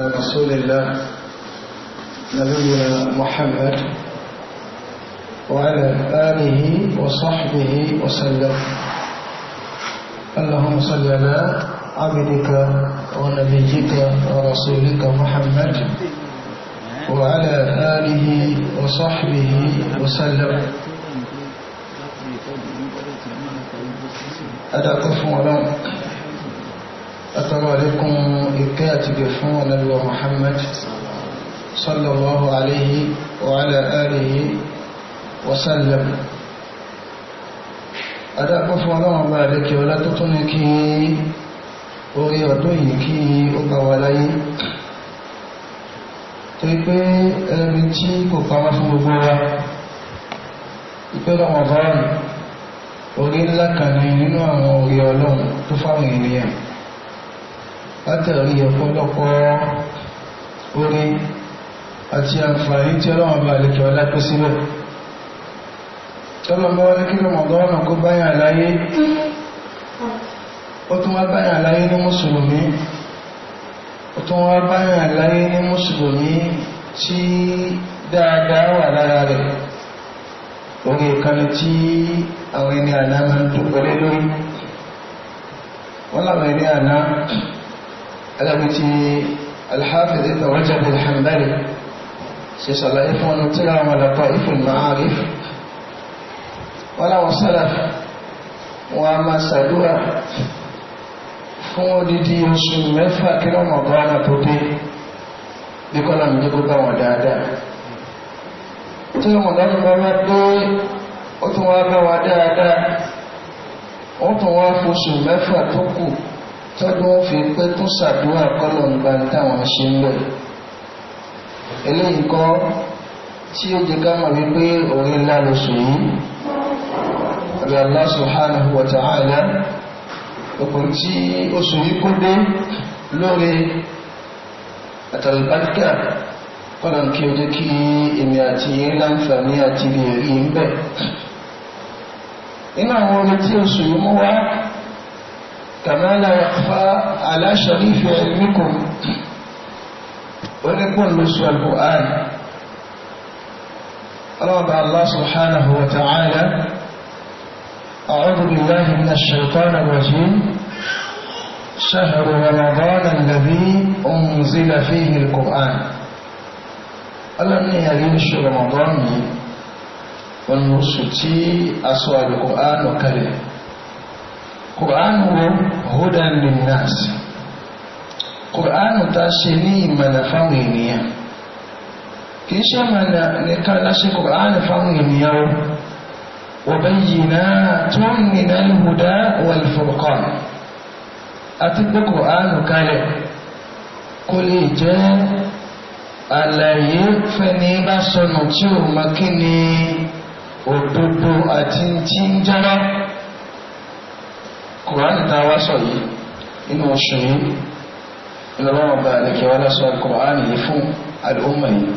رسول الله نبينا محمد وعلى آله وصحبه وسلم اللهم صل على عبدك ونبيك ورسولك محمد وعلى آله وصحبه وسلم أدعكم الله Assalamu alaykum ìkẹ́ àti gẹ̀ fún ọ̀nàlúwà Muhammad sallallahu alayhi wa ala alihi wa sallam. ولا fún ọlọ́run bá rẹ̀ kí ọlá tó tún ní kí orí ọdún yìí kí ó bá wà láyé. Tó pé ẹni tí kò pamọ́ fún gbogbo wa, ìpẹ́rọ̀ wọn bá orí ńlá kan ní nínú àwọn orí ọlọ́run tó fáwọn ènìyàn látàrí ọ̀pọ̀lọpọ̀ orí àti àǹfààní tí ọlọ́wọ̀n bá lè kẹ́ ọlá pé síbẹ̀ tọ́lọ́mọ́ wọ́n ní kí lọ́mọ̀gọ́rùn kó báyà láyé ó tún wá báyà láyé ní mùsùlùmí ó tún wá báyà láyé ní mùsùlùmí tí dáadáa wà lára rẹ̀ orí ìkànnì tí àwọn ẹni àná máa ń dúpẹ́ lórí wọ́n láwọn ẹni àná alábìtì alhafiz ibn Rajab al-Hanbali ṣe ṣàlàyé fún ọ̀nà tíra àwọn àlàpà ìfún ma'arif wọ́n láwọn sálàf wọn a máa ṣàdúrà fún odidi oṣù mẹ́fà kí wọ́n mọ̀ bọ́ ọ̀nà tó dé bí kọ́lá mi dégó bá wọn dáadáa wa dáadáa ó tún tọ́gbọ́n fi pé tó ṣàdúrà kọ́lọ̀ ń gba táwọn ṣe ń lọ eléyìí kọ́ tí ó jẹ ká mọ̀ wípé òun ńlá lóṣù yìí ọ̀dọ̀ Allah subhanahu wa ta'ala òkun tí oṣù yìí kó dé lórí àtàlùbáríkà kọ́lọ̀ kí ó jẹ́ kí èmi àti yín láǹfààní àti كما لا يخفى على شريف علمكم ولكم سوى القرآن رابع الله سبحانه وتعالى أعوذ بالله من الشيطان الرجيم شهر رمضان الذي أنزل فيه القرآن ألم يهليش رمضان ونرسل أسوأ القرآن وكريم Kùránù wo hudan linnas Kùránù ta ṣe ní ìmọ̀nà fáwọn ènìyàn kì í ṣe mọ̀nà nìkan láṣẹ Kùránù fáwọn ènìyàn o wabayyinatun minal huda wal furqan àti pé Kùránù kalẹ̀ kò lè jẹ́ àlàyé fẹ́ni bá sọnù tí ò mọ̀ kí ni òdodo àti ti ń jábọ́ kùránì tá a wá sọ yìí inú oṣù yìí ìlọ́wọ́ ọba àlẹ́kẹ́ wa lọ́sọ kùránì yìí fún àdúgbò yìí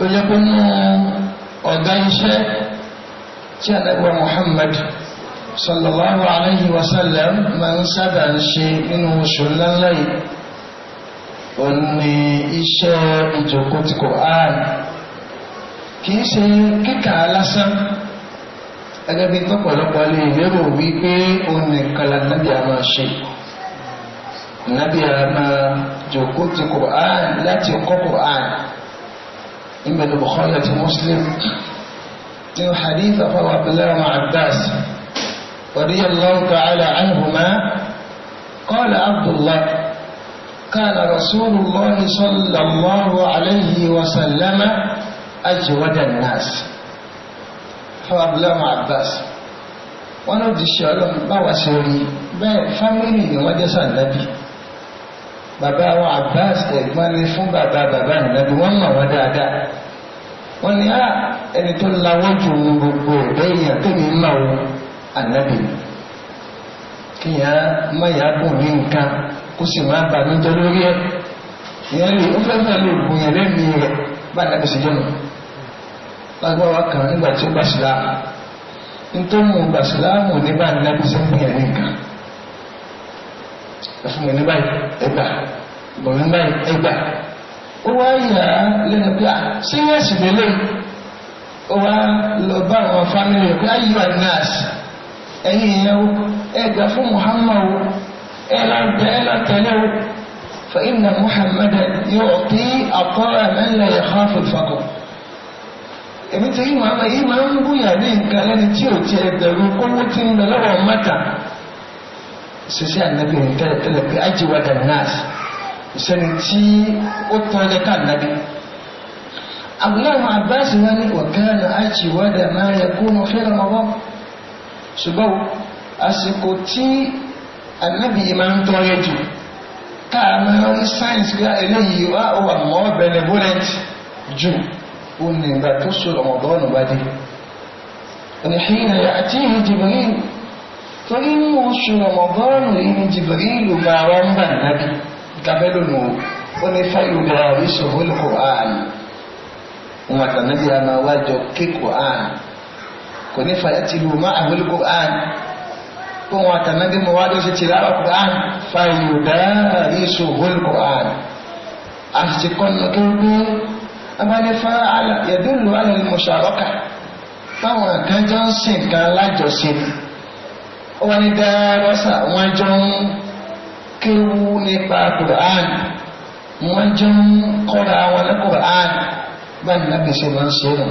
ó yẹ kó nú ọ̀gá iṣẹ́ tí ànábì Muhammad sallallahu alayhi wa sallam máa ń sábà ń ṣe nínú oṣù ńláńlá yìí ó ní iṣẹ́ ìjókòó ti kùránì kì í ṣe kíkà lásán gẹ́gẹ́ bí tọ́pọ̀lọpọ̀ lè lérò wípé ó nìkan la nábì a máa ṣe nábì a máa jòkó ti Qur'an láti kọ́ Qur'an ìbẹ̀lẹ̀ Bukhari àti Muslim tí ó hadith afọwọ́ abdullahi ma'adas radiyallahu ta'ala anhuma qala abdullah كان رسول الله صلى الله عليه وسلم أجود الناس fáwọn abúláwọn abbas wọn ló di ṣe ọlọ́run báwa ṣe rí bẹ́ẹ̀ fámìlì ni wọ́n jẹ́ sàǹdàbí bàbá wọn abbas ẹ̀gbọ́n ni fún bàbá bàbá ìnàbí wọ́n mọ̀ wọ́n dáadáa wọ́n ní á ẹni tó lawọ́ ju gbogbo ọ̀dọ́ èèyàn tó ní mọ̀ kíyàn máyà ní nǹkan kó sì máa bàmí jẹ lórí ẹ̀ ìyẹn lè ó fẹ́ fẹ́ lè gbìyànjú lẹ́mìí bá ànábì ṣe jẹ́ lágbára kan nígbà tí ó gbà sílámù nítorí ìgbà sílámù nígbà nínábi sẹ́yìn ẹ̀ nìkan ẹ̀fún mi nígbà ẹgbà ìbọn nígbà ẹgbà ó wá yà á lẹ́nu pé à ṣé yẹn sì mélòó ó wá lọ bá àwọn fámìlì rẹ̀ pé ayé wà nọ́ọ̀sì ẹ̀yìn ìyàwó ẹ̀gà fún Muhammad ẹ̀là bẹ́ẹ̀là tẹ̀lé o fa inna Muhammadan yu'ti àkọ́rẹ́ mẹ́lẹ̀ yẹ èmi tí yìí máa yìí máa ń búyà ní nǹkan lẹ́ni tí ò tiẹ̀ bẹ̀rù kówó tí ń lọ lọ́wọ́ mẹ́ta ṣiṣẹ́ ànábì ní tẹ́lẹ̀tẹ́lẹ̀ pé ajíwájú nọ́ọ̀sì sẹ́ni tí ó tán lẹ́ka ànábì. abdullahi abbas wọn ni ọ̀gáàna ajíwájú máa yẹ kó wọn fẹ́ràn ọwọ́ ṣùgbọ́n àsìkò tí ànábì yìí máa ń tọ́rẹ́ jù káà máa ń sáyẹ̀nsì gbá eléyìí wá ó wà mọ́ òní ìgbà tó so rọmọdọ́nù bá dé ìrìnà àti ìjìbìrìlù tó ní ní oṣù rọmọdọ́nù ìní jìbìrìlù máa wá ń bà nábi gabẹ́lò nù ó ní fáyọ̀ bá rí sọ̀rọ̀ kòránì wọn àtànábì àmà wájọ ké kòránì kò ní fàyà ti lù má àwọn kòránì kó wọn àtànábì mọ wájọ sí ti rárá kòránì fáyọ̀ bá rí sọ̀rọ̀ kòránì àti kọ́nà tó gbé abáni fáàlà yẹ̀dúlù alẹ́ mọ̀ṣàrọ́kà táwọn kan jọ ń sìn kan lájọṣe ni ó wá ní dárọ́sà wọ́n jọ ń kéwú nípa Qur'an wọ́n jọ ń kọ́ra wọn ní Qur'an báyìí náà gbèsè máa ń ṣe nù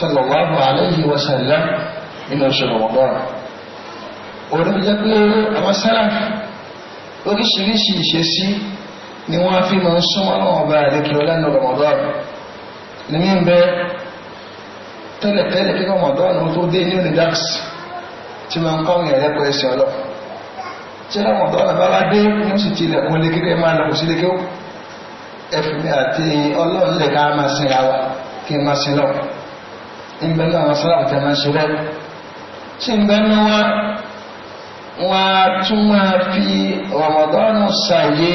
sallallahu alayhi wa sallam nínú oṣù rọ̀mọ́dọ́rọ̀ orí jẹ́ pé àwọn sáràfù oríṣiríṣi ìṣesí ni wọ́n fi máa ń súnmọ́ náà ọba àdékè ọlẹ́nu Ramadan ní mí bẹ tẹ́lẹ̀tẹ́lẹ̀ kí Ramadan ó tó dé ní unidax tí máa ń kọ́ ìyẹn lẹ́kọ̀ọ́ ẹ̀sìn ọlọ́ tí Ramadan bá wá dé ní ó sì ti ilẹ̀kùn lé kékeré máa lọ sí lékè ó ẹ̀fìmí àti ọlọ́run lè ká máa sin àwa kí n máa sin lọ ìgbẹ́ náà wọn sára àti máa ṣe rẹ́ tí ìgbẹ́ náà wá wọn a tún máa fi Ramadan ṣàyè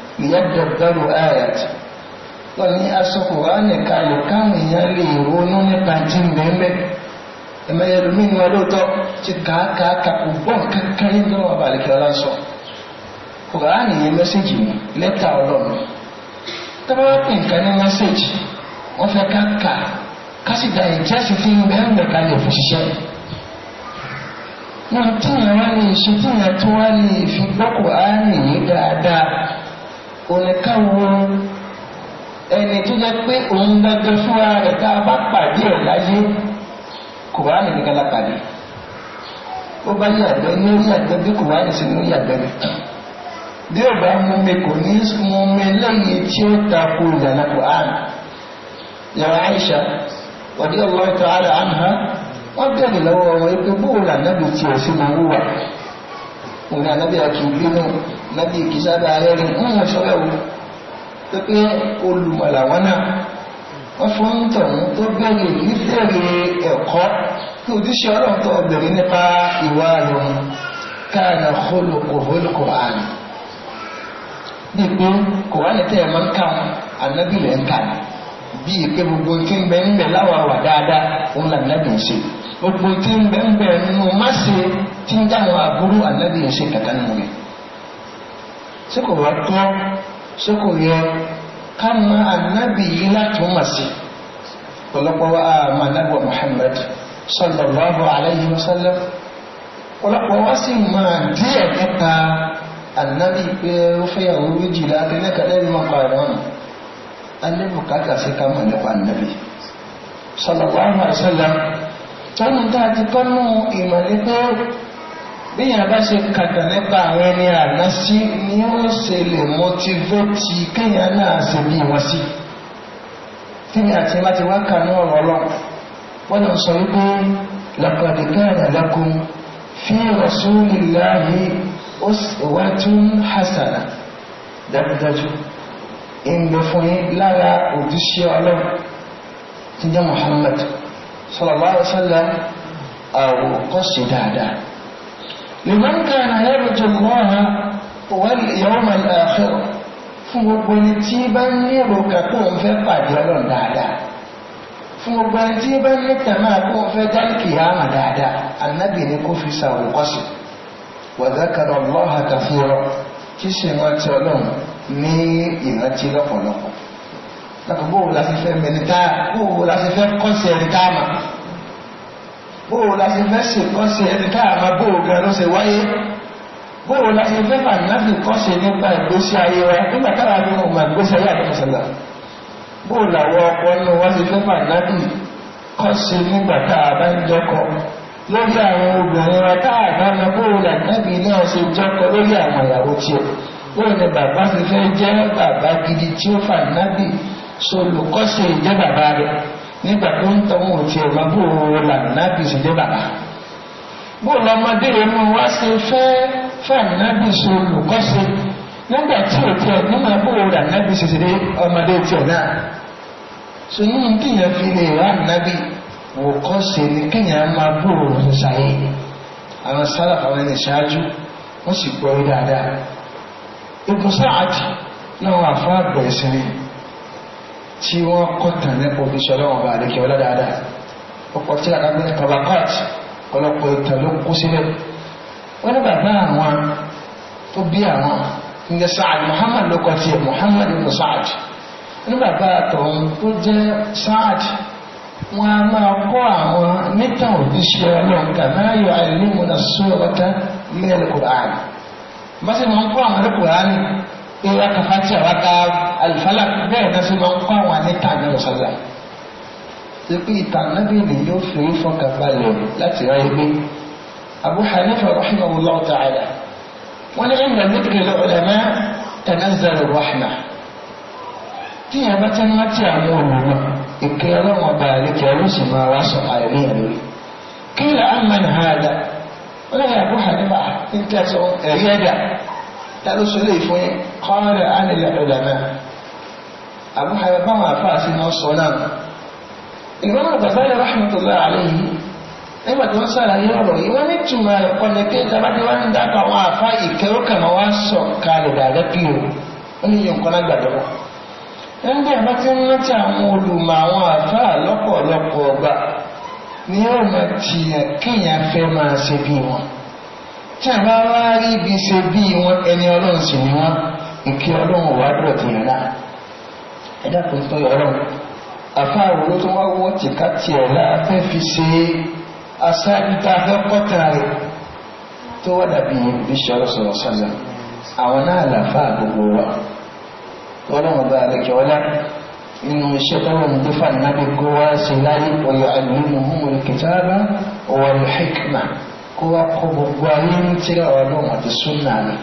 liyadabbaru ayati wọ́n ní asọ́kù wá nìkan nìkan èèyàn lè ronú nípa tí ń bẹ́ẹ̀ bẹ́ẹ̀ ẹ̀mẹ́yẹ lómi ní ọlọ́tọ́ ti kàákàá kò gbọ́ nǹkan kan ní lọ́wọ́ àbàlẹ̀kẹ́ ọlá sọ kòránì yẹn mẹ́sẹ̀jì ni lẹ́tà ọlọ́run tọ́ba wá pè nǹkan ní mẹ́sẹ̀jì wọ́n fẹ́ ká kà ká sì dá ìjẹ́sì fi ń bẹ́ẹ̀ nìkan kalẹ̀ fún ṣiṣẹ́ náà tíyẹn wá lè ṣe tíyẹn tó wá lè fi gbọ́ òní káwọn ẹni tó jẹ́ pé òun dandan fúnra rẹ̀ tá a bá pàdé ẹ̀ láyé kùránì nìkan la pàdé ó bá yàgbẹ́ ní ó yàgbẹ́ bí kùránì sí ní ó yàgbẹ́ rẹ̀ bí ó bá mú mi kò ní mú mi lẹ́yìn tí ó tako ìlànà kùránì yàrá Aisha radiyallahu ta'ala anha wọ́n bẹ̀rẹ̀ lọ́wọ́ wọn pé bóòlù ànábì tiẹ̀ sí máa ń wà òun àti ìbínú nábì kì í sábà rẹ́rìn ń ṣọ́rẹ́ o tó pé olùmọ̀ làwọn náà wọ́n fún tọ̀hún tó bẹ̀rẹ̀ yìí bẹ̀rẹ̀ ẹ̀kọ́ tó ojúṣe ọlọ́run tó bẹ̀rẹ̀ nípa ìwà lòun káàdà hólùkò hólùkò àná ní pé kòránì tẹ́ ẹ̀ máa ń kà wọn ànábì lẹ́ ń kà ní bí ìpè gbogbo tí ń bẹ ń bẹ láwọn àwà dáadáa òun là nábì ń ṣe gbogbo tí ń bẹ ń bẹ nínú má ṣe tí ń dáhùn àbúrò ànábì ń ṣe kàkà nínú rẹ̀ ṣé kò wá tọ́ ṣé kò yẹ ká mọ anábì yìí láti mọ̀ sí ọ̀pọ̀lọpọ̀ wa àmà anábì Muhammad sallallahu alayhi wa sallam ọ̀pọ̀lọpọ̀ wa sì máa díẹ̀ nípa anábì pé ó fẹ́yàwó méjìlá lẹ́nẹ́kẹ́lẹ́ mọ́ pàdánù alẹ́ bùkátà sí ká mọ̀ nípa anábì sallallahu alayhi wa sallam tọ́nu dáa ti kọ́nù ìmọ̀ nípa bíyàn bá ṣe kàtà nípa àwọn ẹni àná sí ni ó ṣe lè mọtivétì kéèyàn náà ṣe bí wọn sí tíni àti láti wá kà ní ọ̀rọ̀ lọ wọn lọ sọ wípé làkàdìkàrà lakum fi rasulillahi uswatun hasana dájúdájú ìgbẹ̀fún yín lára òjíṣẹ́ ọlọ́run ti jẹ́ Muhammad sallallahu alaihi wasallam àwòkọ́ṣe dáadáa لمن كان يرجو الله واليوم الآخر fún gbogbo ẹni tí bá ń ní èròkà kó ń fẹ́ pàdé ọlọ́run dáadáa fún gbogbo ẹni tí bá ń ní tẹ̀mọ́ kó ń fẹ́ dálìkì hàmà dáadáa anábì ni kó fi ṣàwòkọ́sì wàdákàrọ̀ lọ́hà kàfíọ́rọ́ kí ṣe ìrántí ọlọ́run ní ìrántí lọ́pọ̀lọpọ̀ lákòókò wo la fẹ́ mẹ́ni tá a kó fẹ́ kọ́sì ẹni tá bóò la ṣe fẹ́ ṣe kọ́ sí ẹni káàmà bóò gan ló ṣe wáyé bóò la ṣe fẹ́ fàmìláfì kọ́ sí nípa ìgbésí ayé wa nígbà kára ní ọmọ ìgbésí ayé àtúnṣẹlá bóò làwọn ọkọ inú wa ṣe fẹ́ fàmìláfì kọ́ sí nígbà káàmà ń jọkọ lórí àwọn obìnrin wa káàmà bóò làgbàgbé náà ṣe jọkọ lórí àwọn ìyàwó tiẹ̀ bóò ni bàbá fi fẹ́ jẹ́ bàbá gidi tí ó fàmìláfì solùkọ́sẹ̀ ìjẹ́ bàbá rẹ̀ nígbà tó ń tọ́ wọn ò tiẹ̀ máa bò ó lànà bí ìṣèjẹ́ bàbá bó lọmọdé inú wa ṣe fẹ́ fẹ́ẹ̀mì bí ìṣe olùkọ́ṣe nígbà tí ò tiẹ̀ nínú bò ó lànà bí ìṣèjẹ́ ọmọdé tiẹ̀ náà so nínú kíyàn fi lè rà nàbí òkọ́ṣe ni kíyàn máa bò ó ṣàyè àwọn sára àwọn ẹni ṣáájú wọ́n sì gbọ́ dáadáa ibùsọ̀ àti náà wà fún àgbẹ̀ ìsinmi tí wọ́n kọ̀tàn nípa òfìṣẹ́ ọlọ́run ọba àdékẹ́ ọlá dáadáa ọkọ̀ tí àgbà ní tabakat ọlọ́pọ̀ ìtàn ló kó sílẹ̀ wọ́n ní bàbá àwọn tó bí àwọn ní Sa'ad Muhammad ló kọ́ tiẹ̀ Muhammad ibn Sa'ad ní bàbá àtọ̀hún tó jẹ́ Sa'ad wọn a máa kọ́ àwọn nítàn òfìṣẹ́ ọlọ́run kàmá yọ àìlímù náà sọ́ọ̀rọ̀ tán ní ẹlẹ́kùnrin bá sì máa ń kọ́ pé wọn kà fati àwọn ká alifala bẹ́ẹ̀ náà sì máa ń kọ́ àwọn àníta ní ọ̀sánlá pé ìtàn nábì ni yóò fi orí fọkàn balẹ̀ láti ráyè pé Abu Hanifa rahimahullah ta'ala wọn ní ẹ̀rọ nítorí lọ́ọ̀lẹ́mẹ́ tanazzalu rahmah tí yẹn bá ti ń rántí àwọn olùwọ́ ìkẹ́ ọlọ́run ọba àlejò ẹ̀rọ sì máa wá sọ àìrí ẹ̀rí kí lè á mẹ́nu hàn án dá wọn ní Abu Hanifa ní tẹ́sán ẹ̀rí ẹ̀dá. ta ló sọlé ìfún yín na ánilẹ̀ ọ̀dàmẹ́ àbúhàyẹ báwọn àfáàsì náà sọ náà ìgbọ́n náà gbàgbá ilẹ̀ rahmatullah nígbà tí wọ́n sàlàyé ọ̀rọ̀ yìí wọ́n ní túmọ̀ ẹ̀kọ́ pé ìjọba tí wọ́n ń dákọ̀ àwọn àfá ìkẹ́rọ̀kà máa wá sọ kalẹ̀ dàrẹ́ pí o ó ní iye nǹkan lágbàdo nígbà ti ń rántí tí a bá wá rí ibi ṣe bí wọn ẹni ọlọ́run sì ni wọn ìkí ọlọ́run wà dọ̀tí rárá ẹ dákun tó yọ ọlọ́run àfa àwòrán tó wá wọ́ tìkátì ẹ̀ la fẹ́ fi ṣe aṣáájú tá a fẹ́ kọ́ta rẹ̀ tó wá dàbí bíṣọ́ sọ̀rọ̀ sọ̀rọ̀ àwọn náà làfa gbogbo wa ọlọ́run bá àlejò ọlá nínú iṣẹ́ tọ́wọ́ ní tó fà nábì kó wá sí láyé ọ̀yọ́ àlùmíhùn kó wá kó gbogbo ayé ń tíra wa lóhùn àti súnà mi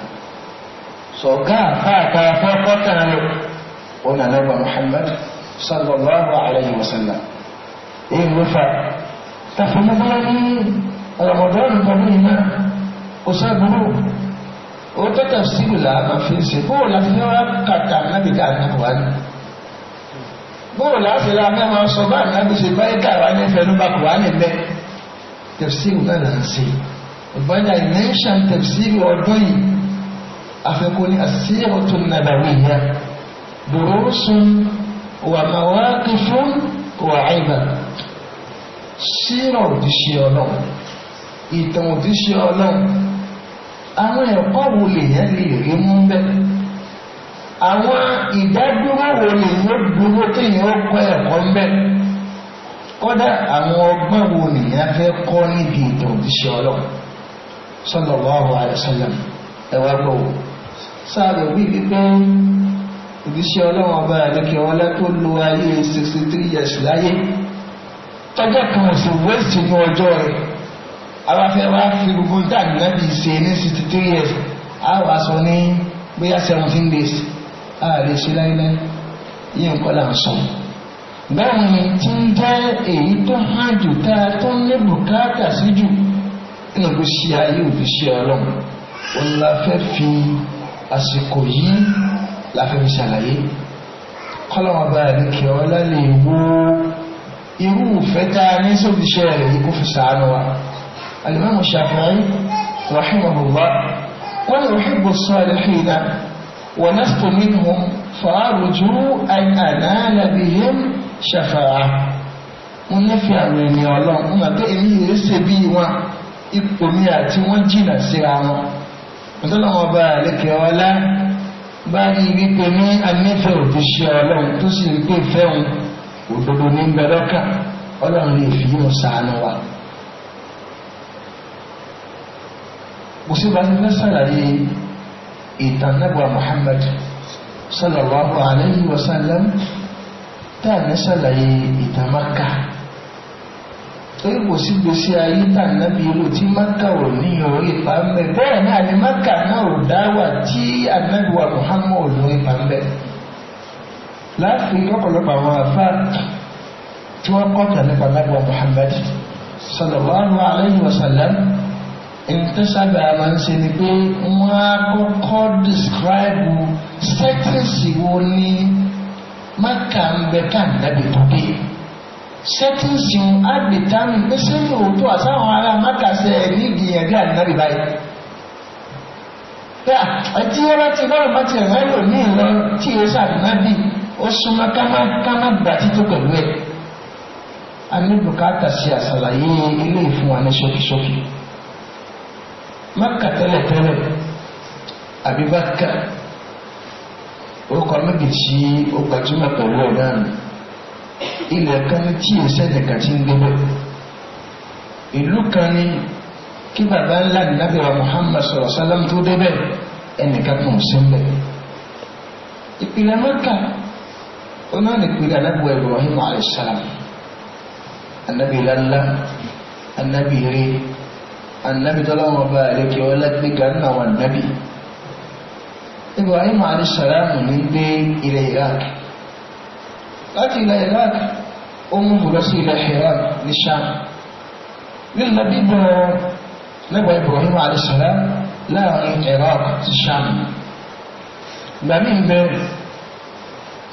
sọ̀gá àfáàkà afẹ́fọ́ tàn lò ó nà lọ́gbà Muhammad sallallahu alayhi wa sallam èyí ló fa tàfọmọbọ́lá ní ọ̀rọ̀mọ̀dọ́ ìbọn ní iná kò sáàbùrù ó tọ́tà sílù làámà fi ń ṣe bóò la fi wá kàtà nábì ká nàbà ní bóò láti ra mẹ́wàá sọ bá nàbì ṣe báyìí kàwá ní fẹnubà kùwá ní bẹ́ẹ̀ tẹ̀síwò náà là ń ṣe ìgbàdà ìmẹ́ṣà tẹ̀síwò ọdún yìí afẹ́kọ́ ní àṣírí tó nàbàwí yá dùrúsùn wà màwá kí fún wà àìbà sírọ̀ òdíṣẹ́ ọlọ́run ìtàn òdíṣẹ́ ọlọ́run àwọn ẹ̀kọ́ wo lèyàn lè rí mú bẹ́ẹ̀ àwọn ìdádúró wo lèyàn dúró téèyàn kọ́ ẹ̀kọ́ bẹ́ẹ̀ kódà àwọn ọgbọ́n wo nìyẹn fẹ́ kọ́ níbi ìtàn òjíṣẹ́ ọlọ́run sallallahu alaihi wasallam ẹ̀wà gbọ́wọ́ sáàbẹ̀ wí pípẹ́ òjíṣẹ́ ọlọ́run ọba àdékẹ́ ọlá tó lo ayé sixty three years láyé tọ́jọ́ kan sì wéṣì ní ọjọ́ rẹ̀ àwa fẹ́ wá fi gbogbo dàgbé lábì ṣe ní sixty three years a wà sọ ní bóyá seventeen days a ṣe láyé láyé yíyan kọ́ là ń sọ. báyìí tí ń jẹ́ èyí tó hàn jù tá a tó ní bùkátà sí jù nínú kó ṣe ayé òfin ṣe ọlọ́run òun la fẹ́ fi àsìkò yìí la fẹ́ fi ṣàlàyé kọ́lọ́wọ́n bá rẹ̀ kí ọ lálẹ́ wo irú ìfẹ́ tá a ní sóbi iṣẹ́ rẹ̀ yìí kó fi sàánú wa alimami shafi'i rahimahullah wọn yóò hibbu salihina wa nastu minhum fa arju an anala bihim. ṣàfàrà mo nífẹ̀ẹ́ àwọn ènìyàn ọlọ́run mo gbà pé èmi yìí ṣe bí wọn ipò mi àti wọn jìnnà síra wọn mọ̀tọ́lọ́wọ́ bá àlékè ọlá bá rí i wípé ní anífẹ́ òfìṣẹ́ ọlọ́run tó sì rí pé fẹ́hùn òdodo ní bẹ́lọ́kà ọlọ́run lè fi yóò sànù wa. kò sí bá nílẹ̀ sàlàyé ìtàn nàbà Muhammad sallallahu alayhi wa sallam táàmì ṣàlàyé ìtàn Mákà ewu sí gbèsè ayé tànàbí ìlú tí Mákà ò ní orí pàmbẹ bẹ́ẹ̀ náà ni Mákà náà ò dáwà tí anábìwà Muhammad ò lórí pàmbẹ láàfin lọ́pọ̀lọpọ̀ àwọn afá tí wọ́n kọkàn nípa anábìwà Muhammad sallallahu alayhi wa sallam ìtẹsàgbà máa ń ṣe ni pé wọ́n á kọ́kọ́ describe certain sí ní maka ń bẹ káàdàbí tó dé sẹ́tíǹsì àgbètánù pé sẹ́yìn òótọ́ àsáwọn ará maka ṣe nídìí ẹ̀dẹ́ àdínábì báyìí pé àti ẹ̀rọ ti bọ́ọ̀lù bá ti rẹ̀ lò ní ìlọ tí ó sàdínábì ó súnmọ́ kámá gbà títí pẹ̀lú ẹ̀ a ní bùkátà sí àṣàlàyé ilé ìfún wa ní ṣókíṣókí maka tẹ́lẹ̀tẹ́lẹ̀ àbí bá orúkọ méjì tí ó gbajúmọ̀ pẹ̀lú ọ̀daràn ilẹ̀ kan ní tí ìṣẹ̀lẹ̀ kan ti ń gbébẹ̀ ìlú kan ní kí bàbá ńlá ní nábìrà Muhammad sọ̀rọ̀ sálámù tó débẹ̀ ẹnìkan kan ò sí mbẹ̀ ìpìlẹ̀ mẹ́ta ó náà ní ìpìlẹ̀ anábìwá Ibrahim alayhisalaam anábìlá ńlá anábìrè anábìtọ́lọ́wọ́n bá àlekè ọlẹ́gbẹ̀gà náà wà nábì. Ibrahim alayisalaam ní gbé ilẹ̀ Iraq láti ilẹ̀ Iraq ó mú lọ sí ilẹ̀ Iraq ní Sham nílùú bíbọ̀ lẹ́gbàá Ibrahim alayisalaam láàrin Iraq ti Sham ìgbà mí ń bẹ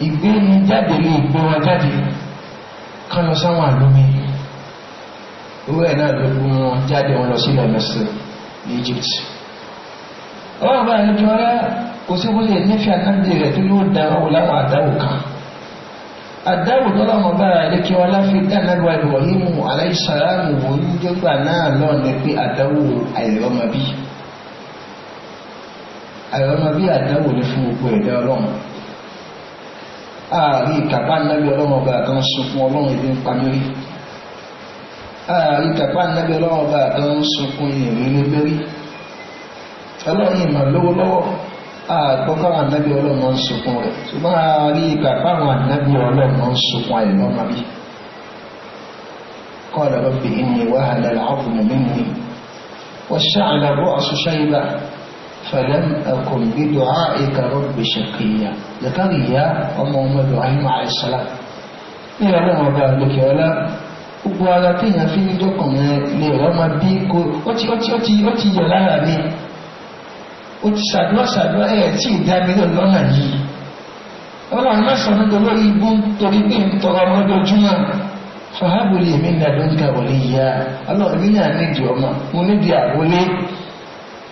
ìgbéni jáde ní ìgbé wọn jáde kán lọ sáwọn àlómi owó ẹ̀ náà ló gbé wọn jáde wọn lọ sí ilẹ̀ Mẹ́sìlẹ̀ ní Egypt. ọlọ́run bá ẹni jọra kò sí wọ́n lè nífẹ̀ẹ́ àkáǹdì rẹ̀ tó yóò da ọ̀wọ̀ láwọn àdáwò kan àdáwò tọ́lọ́mọ bára rẹ̀ kí wọ́n láfi dánilọ́wọ́ Ibrahimu aláìsàlámù wò ń dọ́gba náà lọ́ọ̀nù pé àdáwò àìrọ́mọbí àìrọ́mọbí àdáwò ní fún gbogbo ẹ̀dá ọlọ́run ààrí ìkàpá nàbí ọlọ́run ọba kan sunkún ọlọ́run ìdí ń pamírí ààrí ìkàpá nàbí ọlọ́run ọba kan sunkún ìrìn lébérí ọlọ́run ìmọ̀ lówó àgbọ́kọ́ ànábì ọlọ́mọ ń sunkún rẹ̀ ṣùgbọ́n a rí ìgbà báwọn ànábì ọlọ́mọ ń sunkún àìlọ́ máa bí قال رب إني وهن العظم مني واشتعل الرأس شيبا فلم أكن بدعائك رب شقيا زكريا ọmọ ọmọ Ibrahim alayhi salam ní ọlọ́run ọba àlòkè ọlá gbogbo ara téèyàn fi ń dọ́kàn rẹ̀ lè ó ti ṣàdúrà ṣàdúrà ẹ̀ tí ì dábí lọ́nà yìí ọlọ́run má sọ nípa lórí ibú torí pé ń tọrọ ọmọdójúmọ́ fàhábùlì èmi ní àdóńgà wọlé ìyá ọlọ́run ní àná ìdí ọmọ mo níbi àwọlé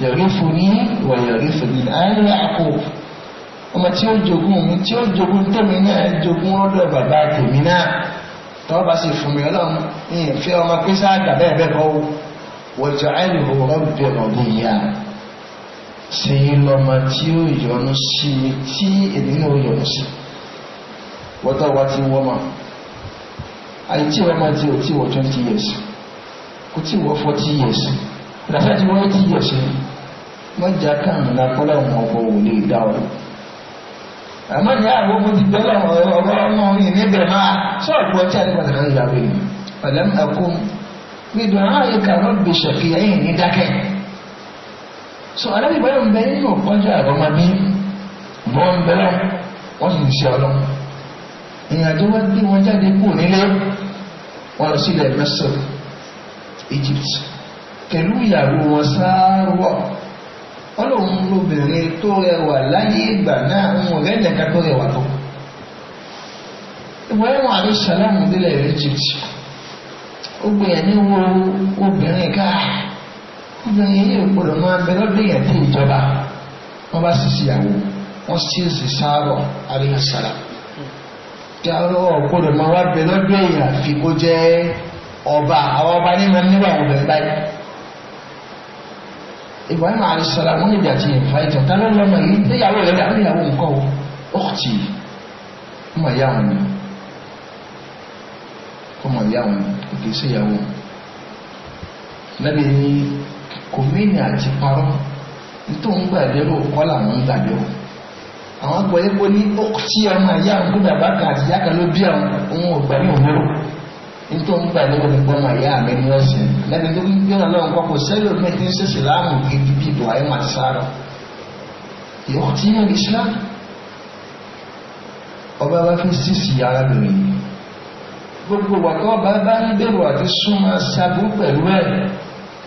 yọrí fún ní ìwà yọrí fún ní àárín àpò ọmọ tí ó jogún mi tí ó jogún tèmi náà jogún ọ̀dọ̀ bàbá tèmi náà tọ́wọ́ bá sì fún mi ọlọ́run ní ìfẹ́ ọmọ pé sáà gbà bẹ́ẹ̀ bẹ́ẹ̀ kọ́ wọ́n jọ àìlè òwúrọ̀ bẹ̀rẹ̀ ọ̀gbìn yá sẹ́yìn lọ́mọ tí ó yọnu sí mi tí èdè náà yọnu sí wọ́tọ̀ wá ti wọ́ ma àyè tí wọ́n máa ti ò tí wọ́ 20 years kò tí wọ́ 40 years ìdàfẹ́ ti wọ́ 80 years wọ́n jà káàmù náà kọ́lá ọmọ ọkọ̀ ò lè dá ọ àmọ́ ní àwọn ọmọ ti So I ọmọ yìí níbẹ̀ máa sọ̀rọ̀ ọtí àdébàtà náà ń yàgbé yìí ọ̀lẹ́mú ẹ̀kú mi dùn àwọn àyíká náà gbèsè kìí need ní dákẹ́ so alábì báyọ̀ ń bẹ nínú ọ̀pọ̀jọ́ àrọ́mọdé bọ́ ń bẹ lọ́wọ́ wọ́n sì ń ṣe ọlọ́wọ́ ìrìnàjò wá gbé wọn jáde kú nílé wọn lọ sílẹ̀ mẹ́sàn Egypt pẹ̀lú ìyàwó wọn sáárọ̀ wọn lòun lóbìnrin tó rẹwà láyé ìgbà náà ń rẹ́ nìkan tó rẹwà tó ìwọ́n àbí sàlámù nílẹ̀ Egypt ó gbìyànjú wo obìnrin káà obìnrin yìí gbọdọ̀ máa bẹ lọ́dún yẹn bí ìjọba wọ́n bá sì ṣìyàwó wọ́n sì sì sáárọ̀ àríyànsára kí ọlọ́wọ́ gbọdọ̀ máa wá bẹ lọ́dún yẹn àfi kó jẹ́ ọba àwọn ọba ní mẹ́rin nígbà wọn bẹ̀rẹ̀ báyìí. Ibrahim alayisala wọn níbi àti ìfà ìjà tá ló lọ́mọ yìí níyàwó rẹ̀ dà níyàwó nǹkan o ọ̀kùtì ọmọ ìyá wọn ni ọmọ ìyá wọn kò kì í ṣèyàwó. Lẹ́bi ní kò mìíní àti parọ́ nítorí ń gbàlérò kọ́ làwọn ń gbàlérò àwọn gbọ́ yẹ kó ní ọkùtì ọmọ ìyá àwọn gbọ́dọ̀ bá kà àti yáka ló bí àwọn òun ò gbà ní òmírò nítorí ń gbàlérò ní pọ́nmọ ìyá mi ní ọ̀sẹ̀ lẹ́ni tó ń gbé ọ̀nà ọ̀nkọ́ kò sẹ́lẹ̀ omi ti ń ṣẹ̀ṣẹ̀ láàmù gidi bí ìbò ayé màtí sára ìyọkùtì yẹn ní Islam ọba bá fi sísì ara lónìí gbogbo wàtọ́ ọba bá ń bẹ̀rù àti súnmọ́ sabu pẹ̀lú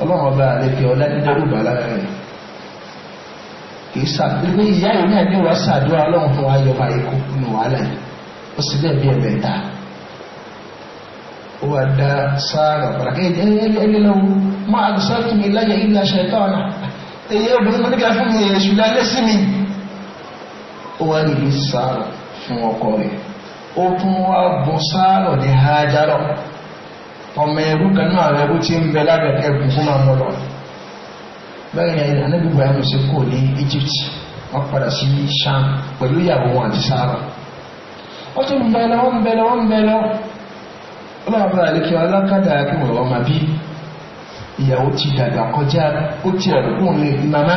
ọlọ́run ọba àlejò ọlá dídẹ́rù bàlá rẹ̀ kìí sàdúró ìyá yìí náà ní wàá sàdúrà ọlọ́run fún wa yọ ọba ikú nù wàhálà yìí ó sì bẹ́ẹ̀ bí ẹ̀bẹ̀ ta ó wà dá sáárà padà kí ẹ ẹ ẹ ẹ lọ́wọ́ mọ àgùsọ́ fún mi láyé ilé aṣọ ẹ̀ka ọ̀nà èyí obìnrin kan nígbà fún mi èṣù lálẹ́ sí mi ó wà níbi sáárà fún ọkọ rẹ̀ ó tún wá bọ́ sáárà ní hájárọ̀ ọmọ ẹrú kan náà rẹ̀ ó ti ń bẹ lágbẹ̀kẹ́ gbogbo máa mọ́ lọ bẹ́ẹ̀ ni anábì Ibrahim ṣe kò ní Egypt wọ́n padà sí Sham pẹ̀lú ìyàwó wọn àti Sárà ó tún ń bẹ lọ ó ń bẹ lọ ó ń bẹ lọ ọlọ́run bá àlékè alákàdá kí wọ́n wọ́n máa bí ìyàwó ti dàgbà kọjá ó ti ẹ̀rù kún lè mama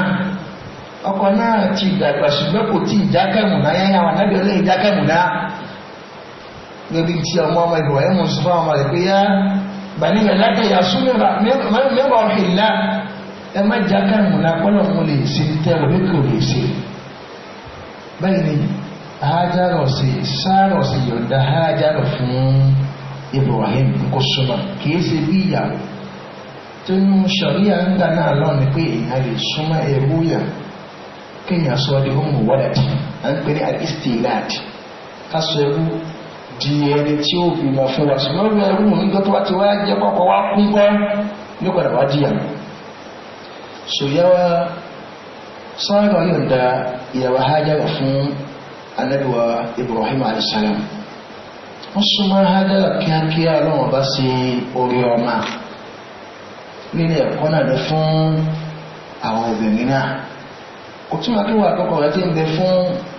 ọkọ náà ti dàgbà ṣùgbọ́n kò tí ìdákẹ́mùná yáyà wọn nábì ọlẹ́ bani malaka yasunu mẹwàá ọ̀hìnlá ẹ má já kárùn ún lápọ́nà mo lè ṣe tẹ́lẹ̀ bí kò lè ṣe báyìí ni hájárọ̀ sí sáárọ̀ sí yọ̀ǹda hájárọ̀ fún Ibrahim kò sọmọ kì í ṣe bí ìyàwó tó ń ṣàríyà ń gbà náà lọ́nà pé èèyàn lè súnmọ́ ẹrú yà kéèyàn sọ ọ́ di ọmọ wọ́dà tí à ń pè ní àdìsítì láti ká sọ ẹrú di ẹni tí ó fi mọ̀ fún wa ṣùgbọ́n ìwé ẹrú nígbà tó bá ti wá jẹ́ kọ́kọ́ wá kún kọ́ ló padà wá díyà ṣòyáwá sọ́ọ̀dọ̀ yóò da ìyàwó Hajara fún anábìwá Ibrahim alayhisalam wọ́n súnmọ́ Hajara kíákíá ọlọ́wọ́n bá sí orí ọmọ nínú ẹ̀kọ́ náà lọ fún àwọn obìnrin náà kò túnmọ̀ kí wọ́n àkọ́kọ́ rẹ̀ ti ń bẹ fún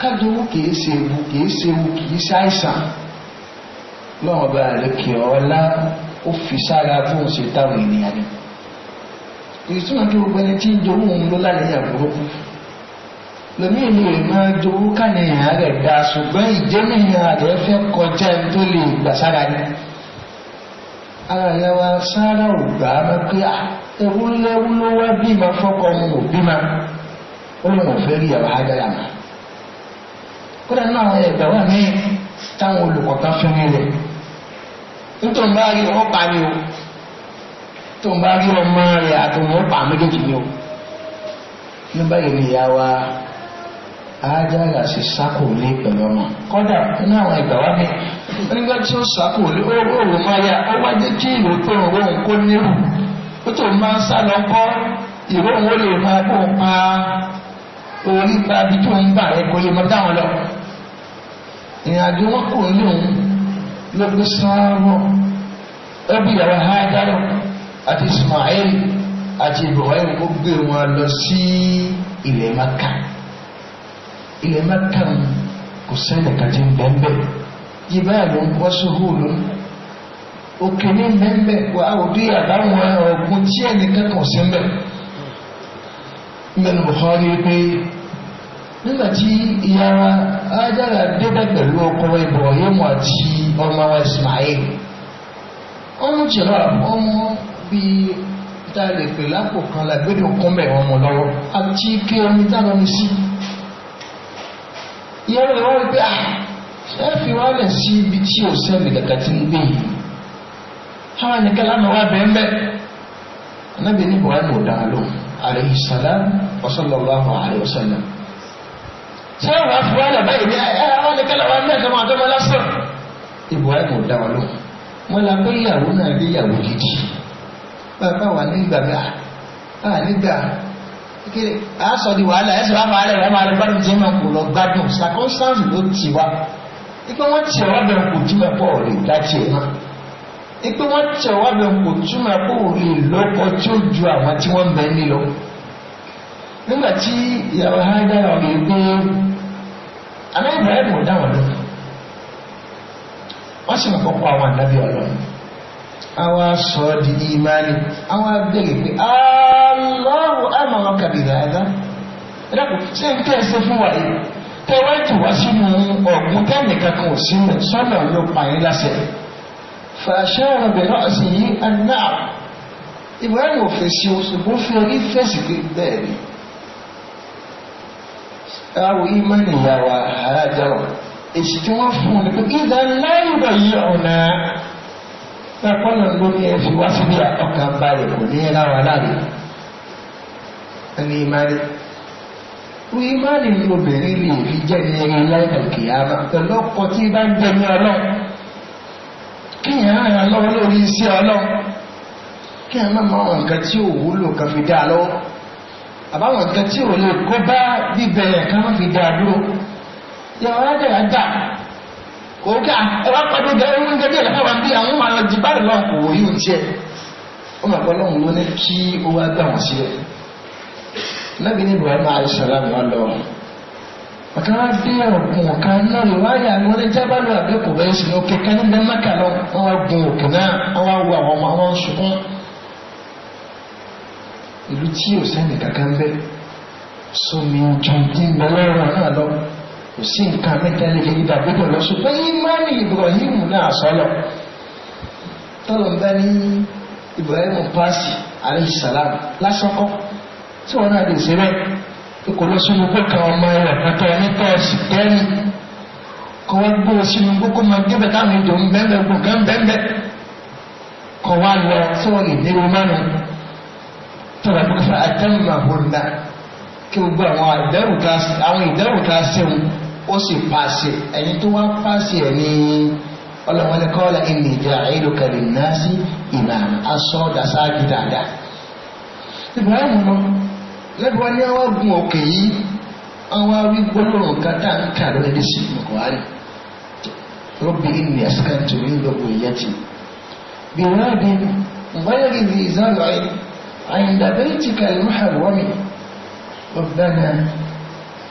kádùrú kìí ṣe ewu kìí ṣe ewu kìí ṣe àìsàn lọ́wọ́ bá rẹ̀ kì ọlá ó fi sára fóun ṣe táwọn ènìyàn ni ìtumọ̀ kí gbogbo ẹni tí ń jowó òun ló lálẹ́yà burúkú lómi ìlú rẹ̀ máa jowó kánìyàn rẹ̀ dáa ṣùgbọ́n ìjẹ́mìyàn rẹ̀ fẹ́ kọjá ẹni tó lè gbà sára ni ara yẹn wá sára ò gbà á mọ́ pé ewu bímọ fọ́kọ ọmọ òbí ma ó lọ́wọ́ fẹ́ rí àwọn ádára mọ́. kódà náà àwọn ẹgbẹ́ wà táwọn fi mú rẹ̀ nítorí bá rí pa o tó bá rí ọmọ rẹ̀ àti pa o ní báyìí ni ìyá wa ajára sí sákòólé pẹ̀lú ọmọ kódà nínú àwọn nígbà tí ya ó wá kí kó ó tó máa ń sá orí gba ibi tó ń gbà rẹ kò lè mọ dáwọn lọ ìrìnàjò wọn kò ní òun ló gbé sọ́ọ́rọ́ ó bí ìyàwó hájáró àti Ismail àti Ibrahim ó gbé wọn lọ sí ilẹ̀ Maka ilẹ̀ Maka kò sẹ́ni kàtí ń bẹ́ẹ̀ báyìí ló ń kọ́ sóhóòlù òkè ní bẹ́ẹ̀ wà òbí àbáwọn ọ̀gbun tí ẹnìkan kàn sí bẹ́ẹ̀ mẹ́nu bùkọ́ ni pé nígbàtí ìyára ajára débẹ pẹ̀lú ọkọ Ibrahim àti ọmọ wa Ismail ọmọ jìlá ọmọ bíi tá a lè pè lápò kan làgbẹ́dọ̀ kọ́mẹ̀ ọmọ lọ́wọ́ àti kí omi dáná mi sí ìyára rẹ̀ wọ́n rí pé ah, ẹ fi wálẹ̀ sí ibi tí ò sẹ́mi kàkà ti ń gbé yìí káwọn nìkan lánàá wà bẹ́ẹ̀ bẹ́ẹ̀ anábìíní Ibrahim ò dáná lóhùn alayhi salam wa sallallahu alayhi wa sallam tí wọ́n wá fún wàhálà báyìí ní àwọn nìkẹ́lá wa náà kẹ́mọ́ àdọ́mọ lásán Ibrahim ò dá wa lọ wọn la pé ìyàwó náà bí ìyàwó gidi bàbá wa nígbà bá a nígbà a sọ di wàhálà ẹ sọ wá máa rẹ wá máa rẹ gbádùn tí wọn kò lọ gbádùn circumstance ló ti wá ipe wọn ti ọwọ́ bẹ̀rẹ̀ kò túmọ̀ pọ̀ rè dájú ẹ̀ náà ipe wọn ti ọwọ́ bẹ̀rẹ̀ kò túmọ̀ pọ̀ rè lọ́kọ̀ tí ó ju àwọn tí wọ́n bẹ̀ nílọ nígbà tí ìyàwó hádára ọ̀rẹ́ gbé àmọ́ Ibrahim ò dáwọn lò wọ́n sì mọ̀ pọ̀pọ̀ àwọn ànábì ọlọ́run àwa sọ ọ́ di ìmáni àwa béèrè pé aláwọ̀ àmọ́ wọn kàbí dáadáa ẹ dàpọ̀ ṣé n tẹ́ ẹ ṣe fún wa yìí tẹ́ wá ètò wá sínú ọ̀gbun tẹ́nì kankan ò sínú sọ́nà ló pa yín lásẹ̀ fàṣẹ ọ̀rọ̀ bẹ̀rẹ̀ ọ̀sìn yìí àná Ibrahim ò fèsì o ṣùgbọ́n fi orí fèsì pé bẹ́ẹ̀ ni àwọn ìmánì ìyá wa aláàjá wa èsì tí wọ́n fún un ní pé ìdá láìdọ̀ yìí ọ̀nà lápọ́nà ló ní ẹ fi wá síbi ọkàn balẹ̀ kò ní ẹ láwọn aláàrẹ ẹni ìmánì wí ìmánì ní obìnrin lè fi jẹ́ ní ẹni láìdọ̀ kìyàmá pẹ̀lú ọkọ̀ tí bá ń jẹ ní ọlọ́run kíyàn á lọ́wọ́ lórí iṣẹ́ ọlọ́run kíyàn má máa wọn nǹkan tí ò wúlò kan fi dá lọ́wọ́ àbáwọn nǹkan tí ò lè kó bá bíbẹ̀rẹ̀ kan wọ́n fi dáa dúró ìyàwó alájẹ̀rẹ̀ àjà òkè ẹwà pàdé gẹ̀rẹ́ ń gẹ́gẹ́ lẹ́fẹ́ wa bí àwọn máa lọ di bá lọ kò wò yóò jẹ́ ó mọ̀ pẹ́lú òun ló ní kí ó wá gbà wọ́n sílẹ̀ nábì ní Ibrahim alayisalaam wà lọ ọ̀kan wá dé ọ̀gùn ọ̀kan náà lè wáyà àwọn ẹjẹ́bá lọ àbẹ́kù bẹ́ẹ̀ sùn ní ní bẹ́ẹ̀ lọ wọ́n wá gun òkè náà wọ́n wá wo àwọn ọmọ àwọn sunkún ìlú tí ò sẹ́ni kankan bẹ́ẹ̀ sómi jọ̀ǹdín bẹ́lẹ́rọ̀ náà lọ kò sí nǹkan mẹ́ta lè fi dàbí bọ̀ lọ ṣùgbọ́n ìmánì Ibrahim náà sọ́lọ̀ tọ́lọ̀ ń bá ní Ibrahim paasi aleyhisalaam lásọkọ́ tí wọ́n náà lè ṣe bẹ́ẹ̀ kò lọ sínú pẹ́ka ọmọ rẹ̀ pẹ́ka nípa ọ̀sìn tẹ́ni kọ́ wá gbọ́ e sínú gbogbo máa débẹ̀ táwọn èdè ń bẹ́ẹ̀ bẹ́ẹ̀ gbọ̀ngàn bẹ́ẹ̀ bẹ́ẹ̀ kọ́ wá lọ tí wọ́n lè ní romanu tọ́lá fún àtẹ́mà hùnà kí gbogbo àwọn ìdẹ́rù tá àwọn ìdẹ́rù tá sẹ́wọ̀n ó sì pàṣẹ ẹ̀yin tó wá pàṣẹ ẹ̀ ní ọlọ́wọ́n ní kọ́lá ìní ìjà ìlúkẹ̀lẹ̀ náà sí ìmà aṣọ dàṣáájú dáadáa. ibrahim mọ lẹ́gbọ́n ní àwọn gun òkè yìí àwọn arí gbólóhùn kátà ń kà lórí ẹni sí buhari rọ́bì ìní àṣìkàtúwìn gbogbo ìyẹ́tì bí wọ́n á dín ìbáyọ̀ ìrìn ìzáàlú ayé عند بيتك المحرم ربنا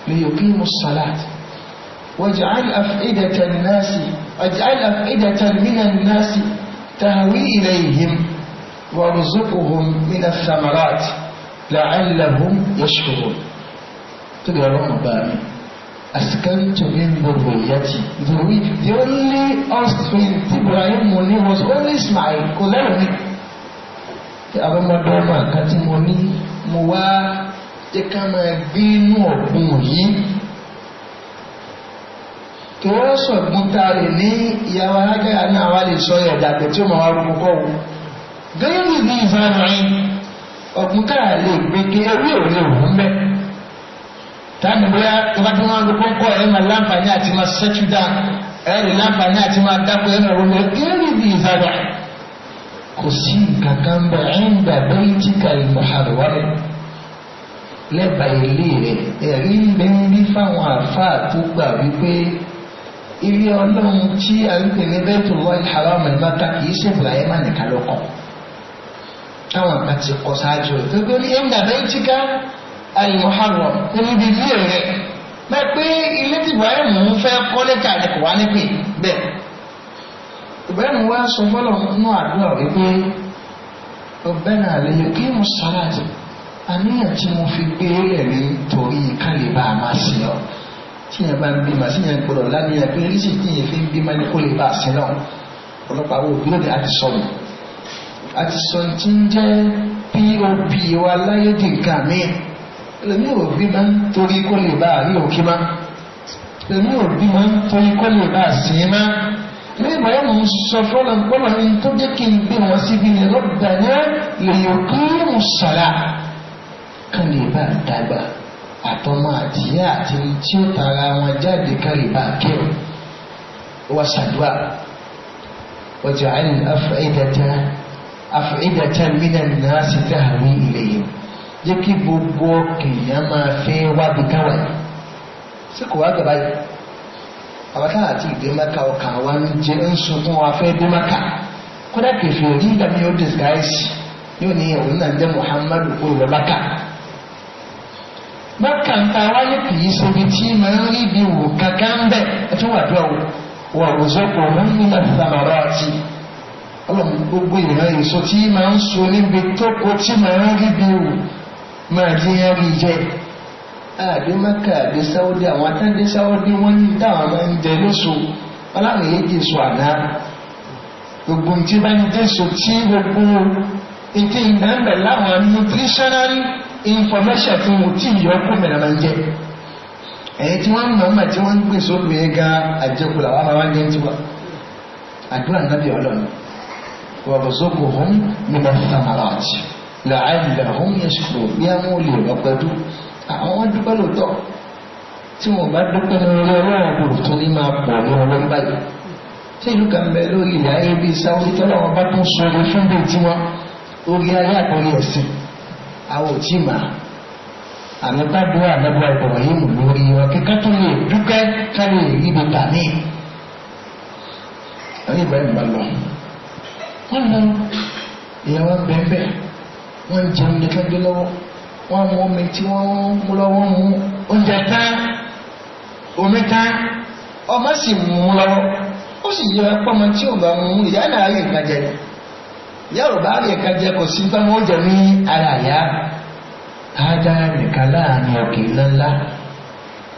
ليقيموا الصلاة واجعل أفئدة الناس اجعل أفئدة من الناس تهوي إليهم وارزقهم من الثمرات لعلهم يشكرون تقرأ بامي أسكنت من ذريتي ذريتي the only offspring when he was only Ismail abọ́mọdọ́mọ kan tí mo ní mo wá ká máa gbé inú yìí wọ́n rẹ̀ ní ìyàwó alágbèrè náà wá lè sọ ẹ̀dà pẹ̀ tí ó máa wá rúkú kọ́ wù gẹ́gẹ́ bí ìfàmìín ọ̀gbun káà lè gbé kí ewé ò lè mẹ́ táàmì bóyá tó bá tó máa ń rúkú kọ́ ẹ̀ máa láǹfààní àti máa ṣẹ́tù ẹ̀ láǹfààní àti máa kò sí nǹkan kan bẹ ẹ̀ńdà bẹ́ẹ̀ tí kàlí mọ̀hàrù wáyé lẹ́bàá ilé rẹ̀ ẹ̀rí ń bẹ ń bí fáwọn àfáà tó gbà wípé ilé ọlọ́run tí a ń pè ní bẹ́ẹ̀tù wáyé haram ẹ̀mọ́ta kì í ṣèbùrà ẹ̀ má nìkan lọ́kàn táwọn kan ti kọ ṣáájú rẹ̀ gbogbo ní ẹ̀ńdà bẹ́ẹ̀ tí ká àlùmọ̀hàrù níbi ilé rẹ̀ mẹ́ pé ilé tìbọ̀ ẹ̀ mú fẹ́ kọ́lé kàdé kò wá nípè bẹ́ẹ̀ Ibrahim wá sọ fọ́lọ̀ nínú àdúrà wípé ọ̀bẹ́nà àlejò kí mo sọ́ra jù àníyàn tí mo fi gbé lẹ̀ ní torí kálíbà máa sí ọ tí yẹn bá ń bímọ sí yẹn gbọdọ̀ láníyàn pé rísì tí yẹn fi ń bímọ ní kó lè bá sí náà ọlọ́pàá wo dúró de àti sọ̀rọ̀ àti sọ̀rọ̀ tí ń jẹ́ pop wa láyé di nǹkan mi ẹlẹ́mi ò bímọ torí kó lè bá àrí òkè má ẹlẹ́mi ò bímọ torí kó lè bá sí má ní ìmọ̀lẹ́ yìí sọ fọ́lọ̀ gbọ́nà ní tó jẹ́ kí n gbé wọn síbi yẹn ló dàná lèyìn kí mo sọ̀la kàn lè bá dàgbà àtọmọ àtìyá àti tí ó tara wọn jáde kàn lè bá kẹrù wọ́n ṣàdúrà wọ́n jẹ́ àyìn afẹ́dẹ́tẹ́ afẹ́dẹ́tẹ́ mílẹ̀ náà sì dáhàwí ilẹ̀ yìí jẹ́ kí gbogbo kìnyàn máa fẹ́ wábi káwáyé sí kò wá gbà báyìí àwọn táwọn àti ìdè mẹ́ka ọkà wa ń jẹ ń sunkún wa fẹ́ dé mẹ́ka kódà kẹfì rí ìdàmú yóò disguise yóò ní òun náà jẹ́ Muhammadu kó lọ mẹ́ka mẹ́ka ń ta wá ní kìí ṣebi tí màá ń rí ibi wò kankan bẹ́ẹ̀ ẹ tún wà dúrà wò wà wò zọ́pọ̀ òun ní láti sàmàrọ̀ àti ọlọ́run gbogbo ìran èso tí màá ń so níbi tó kó tí màá ń rí ibi wò máa dín ẹrí jẹ́ àdé mẹ́kà àdé sáwọ́dé àwọn atẹ́dé sáwọ́dé wọ́n ní dáwọn máa ń jẹ lóṣù ọláwọ̀ yé jésù àná gbogbo tí bá ń jésù tí gbogbo ètè ìdánbẹ̀ láwọn nutritional information tí mo tí ìyọ́ kó mẹ́ra máa ń jẹ ẹ̀yẹ tí wọ́n ń mọ̀ mọ̀ tí wọ́n ń gbé sóbì ẹ̀ ga àjẹkù làwọn máa wá jẹ́ tiwa àdúrà nàbí ọlọ́run wà bọ̀ sóko hùn nínú ìtàmàlà àti làálù làhùn yẹn ṣùgbọ́n àwọn wọn dúpẹ́ lóòótọ́ tí wọn bá dúpẹ́ ní ilé ọlọ́run kò tún ní máa pọ̀ ní ọlọ́run báyìí tí ìlú kan bẹ lórí ilẹ̀ ayé bíi sáwọ́dí tọ́lá wọn bá tún sọ orí fún bíi tiwọn orí ayé àkọ́rí ẹ̀sìn àwọn ò tí ì máa àmì bá dúró ànábọ̀ ẹ̀bọ̀n yìí mú lórí wọn kíkọ́ tó lè dúpẹ́ ká lè rí ibi gbà mí. wọ́n yìí bẹ́ẹ̀ lọ. wọ́n lọ ìyàwó bẹ́ẹ̀ bẹ́ẹ̀ wọ́n jẹun ní kájú lọ́wọ́ wọ́n mú omi tí wọ́n mú lọ́wọ́ mú oúnjẹ tán omi tán ọmọ sì mú lọ́wọ́ ó sì yẹ pọ́mọ tí ò bá mú ìyá náà rí nǹkan jẹ ìyá ò bá rí nǹkan jẹ kò sí tán wọ́n jẹ ní ara ìyá ádá nìkan láàrin òkè lọ́lá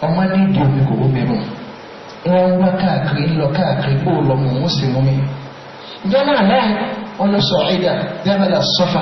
ọmọ ní ìdí omi kò gómi mu wọ́n wá káàkiri lọ káàkiri bó lọ́mọ òun sì mú mi ìjọba náà wọ́n lọ sọ ẹ̀dá dábàlà sọ́fà.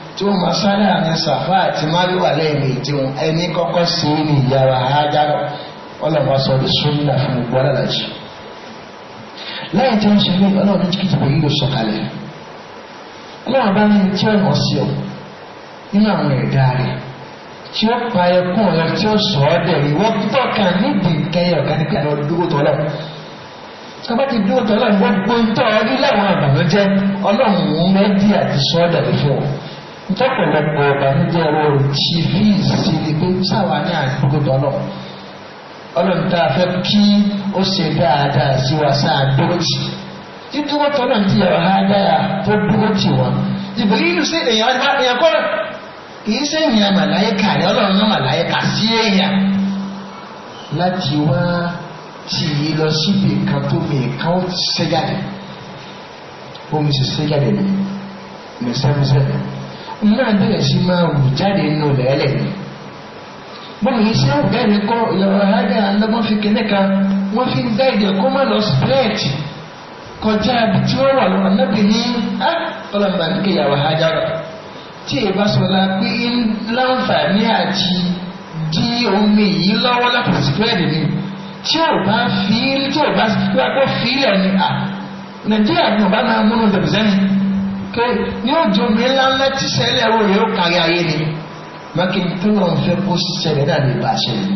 tí ó máa sáré àárín sàfà àti márùwà lẹ́ẹ̀mejì wọn ẹni kọ́kọ́ sí ní ìyára fún gbogbo lẹ́yìn tí wọ́n ṣe ọlọ́run ní ló sọ̀kalẹ̀ ọlọ́run bá ní tí ó mọ̀ sí ọ nínú àwọn ẹ̀dá rẹ̀ tí pa ẹkún rẹ̀ tí ó sọ ọ́ dẹ̀ ìwọ́ tọ́ka níbi kẹyẹ ti dúró ntọ́pọ̀lọpọ̀ ìbànújẹ́ ọwọ́ rẹ̀ ti rí ìsinmi pé sáwà ní àdúgbò tọ́lọ̀ ọlọ́run tá a fẹ́ kí ó ṣe dáadáa sí wa sáà dúró tì dídúró tọ́lọ̀ ti yàrá ha dára tó dúró tì wọ́n ìbò yìí ṣe èèyàn èèyàn kọ́ kì í ṣe èèyàn màláyíkà rẹ̀ ọlọ́run náà màláyíkà sí èèyàn láti wá tì í lọ síbi nǹkan tó mi nǹkan ó ti ṣẹ́jáde ó mi sì ṣẹ́jáde ní sẹ́mùsẹ́mù náà bẹ̀rẹ̀ sí máa wù jáde nínú lẹ́lẹ̀ ni bọ́ọ̀lù yìí sí ọ̀gáàrí kọ́ ìyàrá àádá lọ́gbọ́n fi kẹ́lẹ́ kan wọ́n fi ń dá ìdè kó má lọ sílẹ̀ẹ̀tì kọjá ibi tí wọ́n wà lọ́wọ́ nábì ní ọlọ́mọba ní kẹyàwó Hájárà tí èyí bá sọ la pé láǹfààní àti dí omi yìí lọ́wọ́ láti sílẹ̀ẹ̀dì ni tí ò bá fi tí ò bá fi kó fílẹ̀ ni Nàìjíríà ni ò bá máa múnú dẹ̀bùsẹ́ni pé ní ojú mi ńlá ńlá ti ṣẹlẹ̀ ó rèé ó kárí ayé ni mákindé tó náà fẹ́ kó ṣẹlẹ̀ náà lè bá ṣẹlẹ̀ ni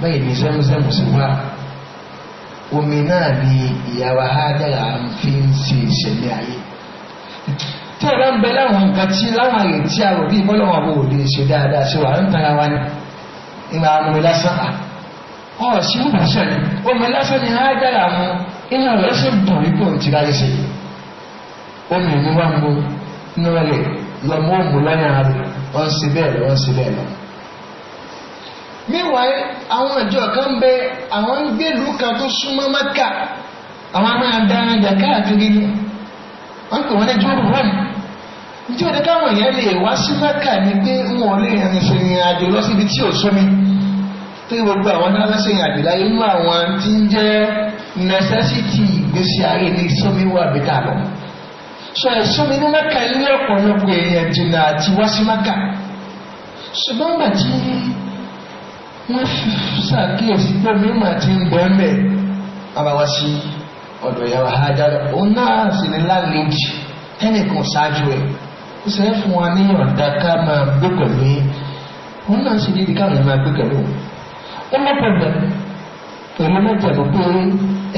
báyìí ní sẹ́mùsẹ́mù sí wá omi náà ni ìyàwó hádára fi ń ṣe ìṣẹ̀lẹ̀ ayé tí ẹ̀rọ ń bẹ láwọn nǹkan tí láwọn àyè tí a rò bí bọ́lọ́wọ́ bò lè ṣe dáadáa sí wa ń tara wa ni ìmọ̀ àwọn omi lásán à ọ̀ sí ìwòsàn omi lásán ni hádára mu inú rẹ̀ sì dùn wípé òun ó mì ní wá ń bo inú ẹlẹ lọmọ òmù lẹ́yìn ààrẹ wọ́n sì bẹ́ẹ̀ lọ kan bẹ àwọn ń gbèlú kan tó súnmọ́ mẹ́kà àwọn máa da ẹja káàkiri ni wọ́n pè wọ́n ní jùlọ wọn tí wọ́n káwọn èèyàn lè ni pé wọn tí ò sómi pé náà lọ́sẹ̀ láyé nínú àwọn tí ń jẹ́ necessity sọ ẹ̀sùn mi ní mẹ́ka ilé ọ̀pọ̀lọpọ̀ èèyàn jìnnà àti wá sí mẹ́ka ṣùgbọ́n gbà tí wọ́n fi ṣàkíyèsí pé mímọ̀ àti ń bọ̀ ẹ́mẹ̀ àbáwá sí ọ̀dọ̀ ìyàwó Hájárà òun náà sì ní lálejì ẹnìkan ṣáájú ẹ̀ ó sì ń fún wa ní ọ̀dà ká máa gbé pẹ̀lú yín òun náà sì ní káwọn máa gbé pẹ̀lú ó lọ́pọ̀ gbà pẹ̀lú mẹ́jọ ló pé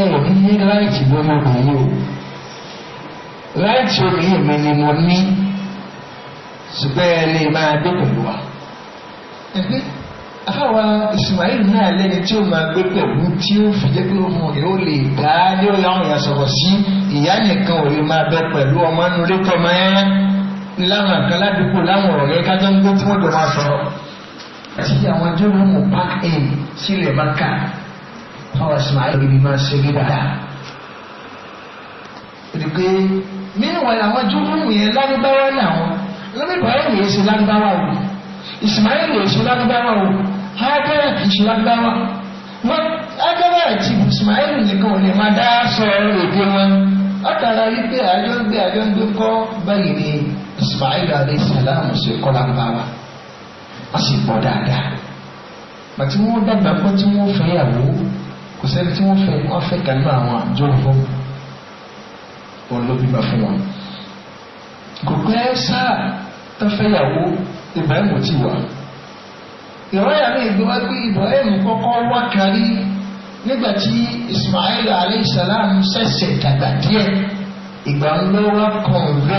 ẹ̀rọ ní ráìtì lórí obìnrin o láti orí mi ni mo ní ṣùgbọ́n ẹ lè máa gbé pẹ̀lú wa. ẹgbẹ́ àwa Ismail náà lẹ́ni tí ó máa gbé pẹ̀lú tí ó fi jẹ́ pé ọmọ rẹ̀ ó lè dá ní ó láwọn èèyàn sọ̀rọ̀ sí ìyá nìkan ò lè máa bẹ pẹ̀lú ọmọ inú ilé tọmọ ẹ láwọn àkàn ládùúgbò láwọn ọ̀rẹ́ kájọ́ ń gbé tí wọ́n jọ máa sọ̀rọ̀. àti àwọn jọ́lọ́ mọ̀ park in sílẹ̀ máa kà àwọn Ismail ibi máa ṣe rí dáadáa. nínú wọn làwọn júmùú yẹn lanubawa náà wọn lọ́míbàárà ṣe lárúbáwá o ìsìmáyé yẹn ṣe lárúbáwá o hágẹ́rẹ́ kì í ṣe lárúbáwá wọn hágẹ́rẹ́ àti ìsìmáyé nìkan ò lè máa dá sọ èdè wọn látara wípé àjọ ń báyìí ni ìsìmáyé alayhi salam ṣe kọ́ lárúbáwá a sì dáadáa dàgbà pé tí fẹ́ yàwó kò sẹ́ni tí òun ló bímọ fún wa kò pẹ́ sáà tó fẹ́yàwó Ibrahim ti wà ìrọ́yà mi ìgbéwá pé Ibrahim kọ́kọ́ wá kárí nígbà tí Ismail aleyhisselam ṣẹ̀ṣẹ̀ dàgbà díẹ̀ ìgbà ń lọ wá kọ̀wé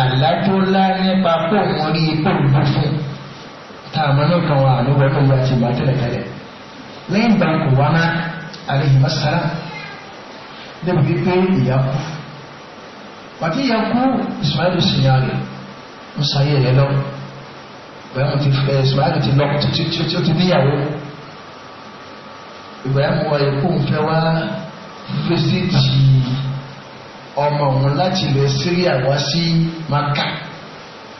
àládọ́lá nípa pé òun rí ipò ìlú fún tá a mọ̀ náà kan wà ní wọ́n lórí àti ìgbà tẹ́lẹ̀tẹ́lẹ̀ lẹ́yìn ìgbà kò wá ná aleyhi masala débi pé ìyá kú pàtí yẹn kú Ismail sinyali ń sáyé rẹ lọ Ibrahim ti fẹ́ Ismail ti lọ tí ó ti níyàwó Ibrahim wọ ikú nfẹ́ wá fẹsítì ọmọ òun láti ilẹ̀ Syria wá sí Maka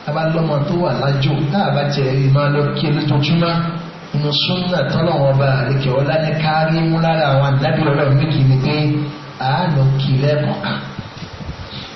abalọ́mọ tó wà lájò láàbá tiẹ̀ rí máa lọ kí ẹlẹ́tọ̀ọ́túnmá inú súnà tọ́lọ́wọ́n ọba àríkẹ́ ọlá ní kárí mú lára a àdábì ọlọ́run méjì ni pé àánú kì lẹ́ẹ̀kọ̀ọ̀kan.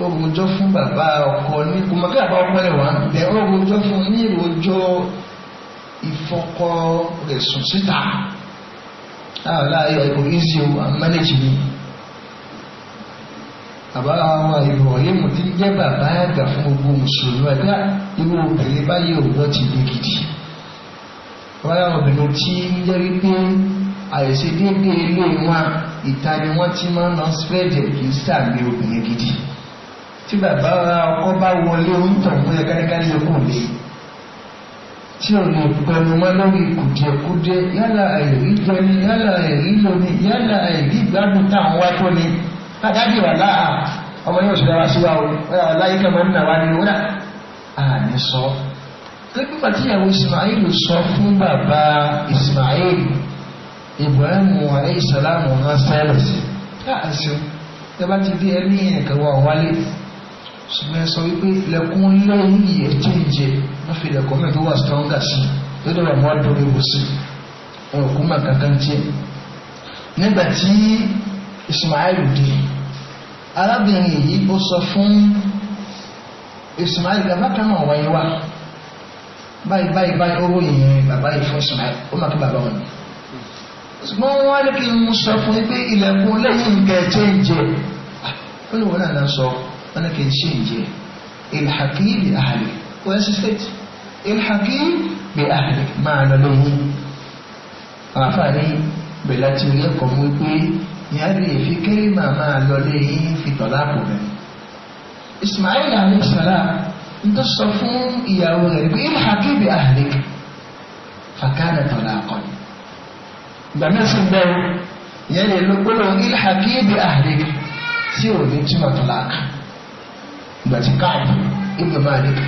ogunjọ fún bàbá ọkọ ní kòmọkẹ àbá ọkọ rẹ wà bẹ ogunjọ fún ní ìròjọ ìfọkọ rẹ sùn síta àwọn ìbò ìzì o àmánèjì ni bàbá àwọn Ibrahim ti jẹ bàbá àgbà fún gbogbo mùsùlùmí àgbà irú obìnrin báyìí òwúrọ̀ ti dé gidi wọn yà obìnrin tí ń jẹ wípé àìsí déédéé ilé wọn ìta ni wọn ti máa ń lọ sílẹ̀ jẹ kì í sàgbé obìnrin gidi tí bàbá ọkọ bá wọlé onítàn fún ẹ káríkárí ẹkùn lé tí ò lè pẹnu mọ́ lórí kùdìẹ̀kudẹ yálà àìrí jọ ni yálà àìrí lò ni yálà àìrí ìgbádùn táwọn wá tó ni látàbí wà láà ọmọ yóò sì dára sí wa o láyé kẹmọ nínú àwa ni ó dà àní sọ pẹ̀lú pàtíyàwó Ismail sọ fún bàbá Ismail Ibrahim alayhi salam ránṣẹ́ lọ sí káàsì ẹ bá ti dé ẹ ní ẹ̀kọ́ wà wálé ṣùgbọ́n sọ wípé ilẹ̀kùn ńlá yìí ẹ̀jẹ̀ ìjẹ́ wọ́n fi ilẹ̀kùn mẹ́rin tó wà stronger sí lọ́dọ̀ rẹ̀ wọ́n dọ̀rọ̀ ìwò sí wọn kò má kankan jẹ́ nígbà tí Ismail dé arábìnrin yìí ó sọ fún Ismail bàbá kan náà wáyé wá báyìí báyìí báyìí ó ròyìn yẹn bàbá yìí fún Ismail ó má kí bàbá wọn ni ṣùgbọ́n wọ́n á kí n sọ fún yín pé ilẹ̀kùn lẹ́yìn nǹkan ẹ̀jẹ̀ ó lè wọ́n náà sọ ولكن شيء الحقي بأهلك وأسفت الحقي بأهلك معنى له àfààní bẹ̀lá tí ó lẹ́kọ̀ọ́ mú pé ìyáre èfi kéré màá máa lọ lé yín fi tọ̀lá kù rẹ̀. Ismail alayisala ń tó sọ fún ìyàwó rẹ̀ pé ilhakibi ahlik fakana tọ̀lá kọ̀ ni. ìgbà náà sì ń bẹ̀rù ìyáre ló gbọ́dọ̀ ilhakibi ahlik tí ò ní túmọ̀ tọ̀lá kù ìgbà tí káàdì ibùdó malik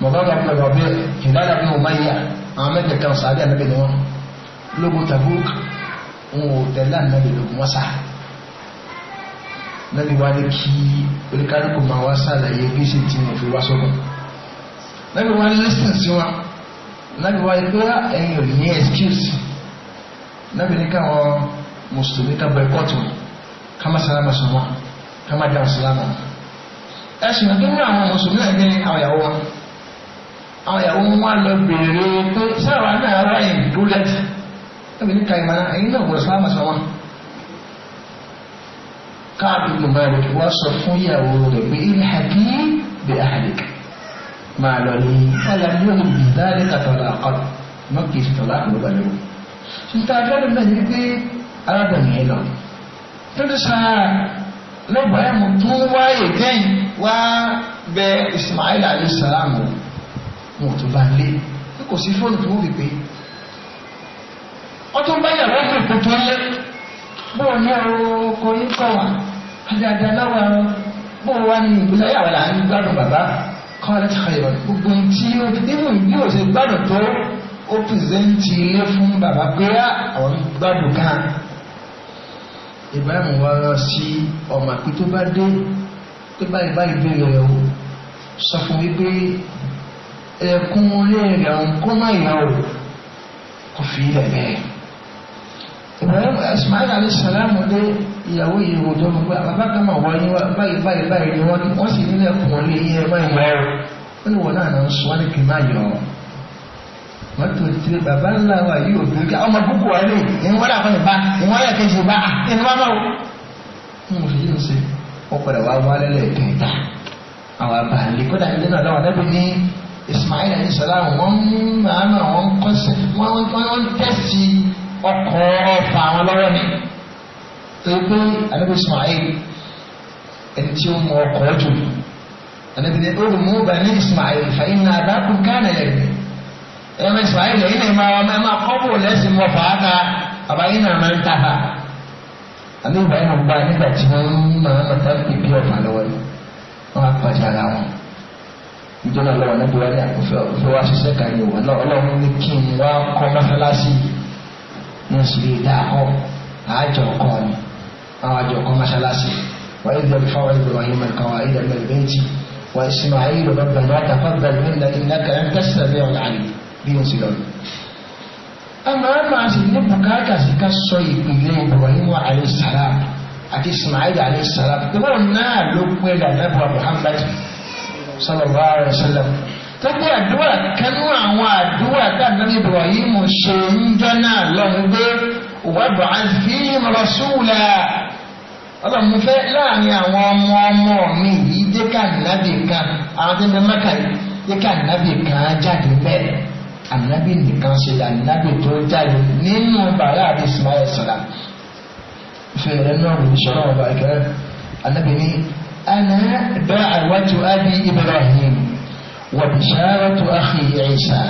mọ̀gàgà bí rọ̀bẹ́ ìdáná bí ọmọọyà àwọn mẹ́tẹ̀ẹ̀ta ọ̀sàdé ànábì ni wọ́n lógun tabuk ń wò tẹ̀lé ànábì lógun wọ́n sá nábì wá ní kí oníkálukú máa wá sàlàyé bí ṣe ti mọ̀ fi wá sọ́gun nábì wá ní lẹ́sìn sí wọn nábì wá ní pé ẹ̀yin ò ní excuse nábì ní káwọn mùsùlùmí ká bọ̀ ẹ̀kọ́ tó ká má sálámà sọ̀rọ̀ ká má dá ọ̀sán lánàá. ẹ sì mọ̀ pé nínú àwọn mùsùlùmí náà ní àwọn ìyàwó wọn àwọn ìyàwó wọn lọ bèèrè pé sára náà ráyè búlẹ́tì ẹbí ní kàìmá ẹ̀yìn náà gbọ́dọ̀ sálámà sọ wọn. káàdì bùbáyì wá sọ fún ìyàwó rẹ̀ pé ilé àbí bẹ àhàlìkà máa lọ ní alábíyàn ìdálẹ́ kàtàlà àkọlù mọ́ kì í sì tọ́lá àkọlù balẹ̀ wò. sùtà àjọyọ̀ náà ní pé arábìnrin yẹn lọ. tó ti sáà lọ́gbàá yẹn mo tún wáyé kẹ́yìn. wá bẹ Ismail alayhi salam wọn tó bá lé kò sí fóònù tó wù pé ọtún báyà rẹ́pìn kò tó lé bóò ní ọ̀rọ̀ kò ní kọ́ wa àdàdà lọ́wọ́ àwọn bóò wá ní ìgbésẹ̀ yàrá là ń gbádùn bàbá kọ́ ẹ̀ ṣe àyẹ̀wò gbogbo tí ó nínú ìbí ò ṣe gbádùn tó ó pìrìsẹ́ǹtì ilé fún bàbá pé àwọn gbádùn kan Ibrahim wá lọ sí ọmọ àpótí dé pé báyìí báyìí bèrè rẹ̀ o sọ fún mi pé ẹkún ilé rẹ̀ ń kó má kò fi ilẹ̀ bẹ́ẹ̀. Ibrahim Ismail alayhi salam dé ìyàwó yìí rojọ́ mi pé ah, bàbá kan máa wáyé wá báyìí báyìí báyìí ni wọ́n ní wọ́n sì nílẹ̀ kùn ọ́n lé iye ẹ̀ máa yọ ọ́ wọ́n ní wọ́n náà náà sọ wọ́n ní kì í má yọ ọ́ mọ́tò tí bàbá ńlá wa yìí ò bí ah, ọmọ púpọ̀ wà lè ìwọ́n dà ìbá ìwọ́n yà kejì ìbá wọ́n padà wá wá lẹ́lẹ̀ kẹta àwọn abàlẹ̀ kódà nínú ọ̀dọ́ wọn dábì ní Ismail alayhi salam wọ́n máa ma wọ́n kọ́sẹ̀ wọ́n wọ́n tẹ̀sí ọkọ̀ ọ̀fà àwọn lọ́wọ́ ni torí pé anabi Ismail ẹni tí ó mọ ọkọ̀ jù anabi ní ó mú bani Ismail fa inna abakum kana lẹ́yìn ẹ̀rọ Ismail lẹ́yìn ẹ̀ máa kọ́ bò lẹ́sìn mọ́ fàáka àbáyé náà máa ń tàfà àbí ìgbà yẹn mo bá nígbà tí wọ́n ń máa ma tá ìbí ọ̀fà lọ́wọ́ yìí wọ́n á pàdé ara wọn ìjọba lọ́wọ́ náà bí wọ́n ní àkọ́fẹ́ wá ṣiṣẹ́ kan yìí wọ́n náà ọlọ́run ní kí n wá kọ́ mọ́ṣáláṣí ní oṣù lè dá kọ́ àjọ kọ́ ni àwọn àjọ kọ́ mọ́ṣáláṣí wọ́n yóò gbẹ́bí fáwọn ìgbìmọ̀ yìí mẹ́rin kan wọ́n ayé lẹ́gbẹ̀ẹ́ méjì wọ́n ìsìnmọ̀ ayé lọ́gbẹ̀ẹ́ máa máa sì ní bùkátà sí ká sọ ìpínlẹ̀ Ibrahim alayhi salam àti Ismail alayhi salam ìwọ náà ló pé lànàbà Muhammad sallallahu Alaihi wa sallam tọ́pẹ́ àdúrà kanú àwọn àdúrà tàbí Ibrahim ṣe ń jọ́nà lọ́hùn gbé wàbà àfihàn rasúlà ọlọ́run fẹ́ láàrin àwọn ọmọ ọmọ mi yìí dé ká nàbì kan àwọn tó ń bẹ mẹ́ka yìí dé ká nàbì kan jáde bẹ́ẹ̀ ànábì nìkan ṣe ànábì tó jáde nínú bàrà àti ismail sọlá fèrè náà wò ní sọlá ọba ìkẹrẹ ànábì ní ana bá àwájú abi ibrahim wà bisharatu akhi isa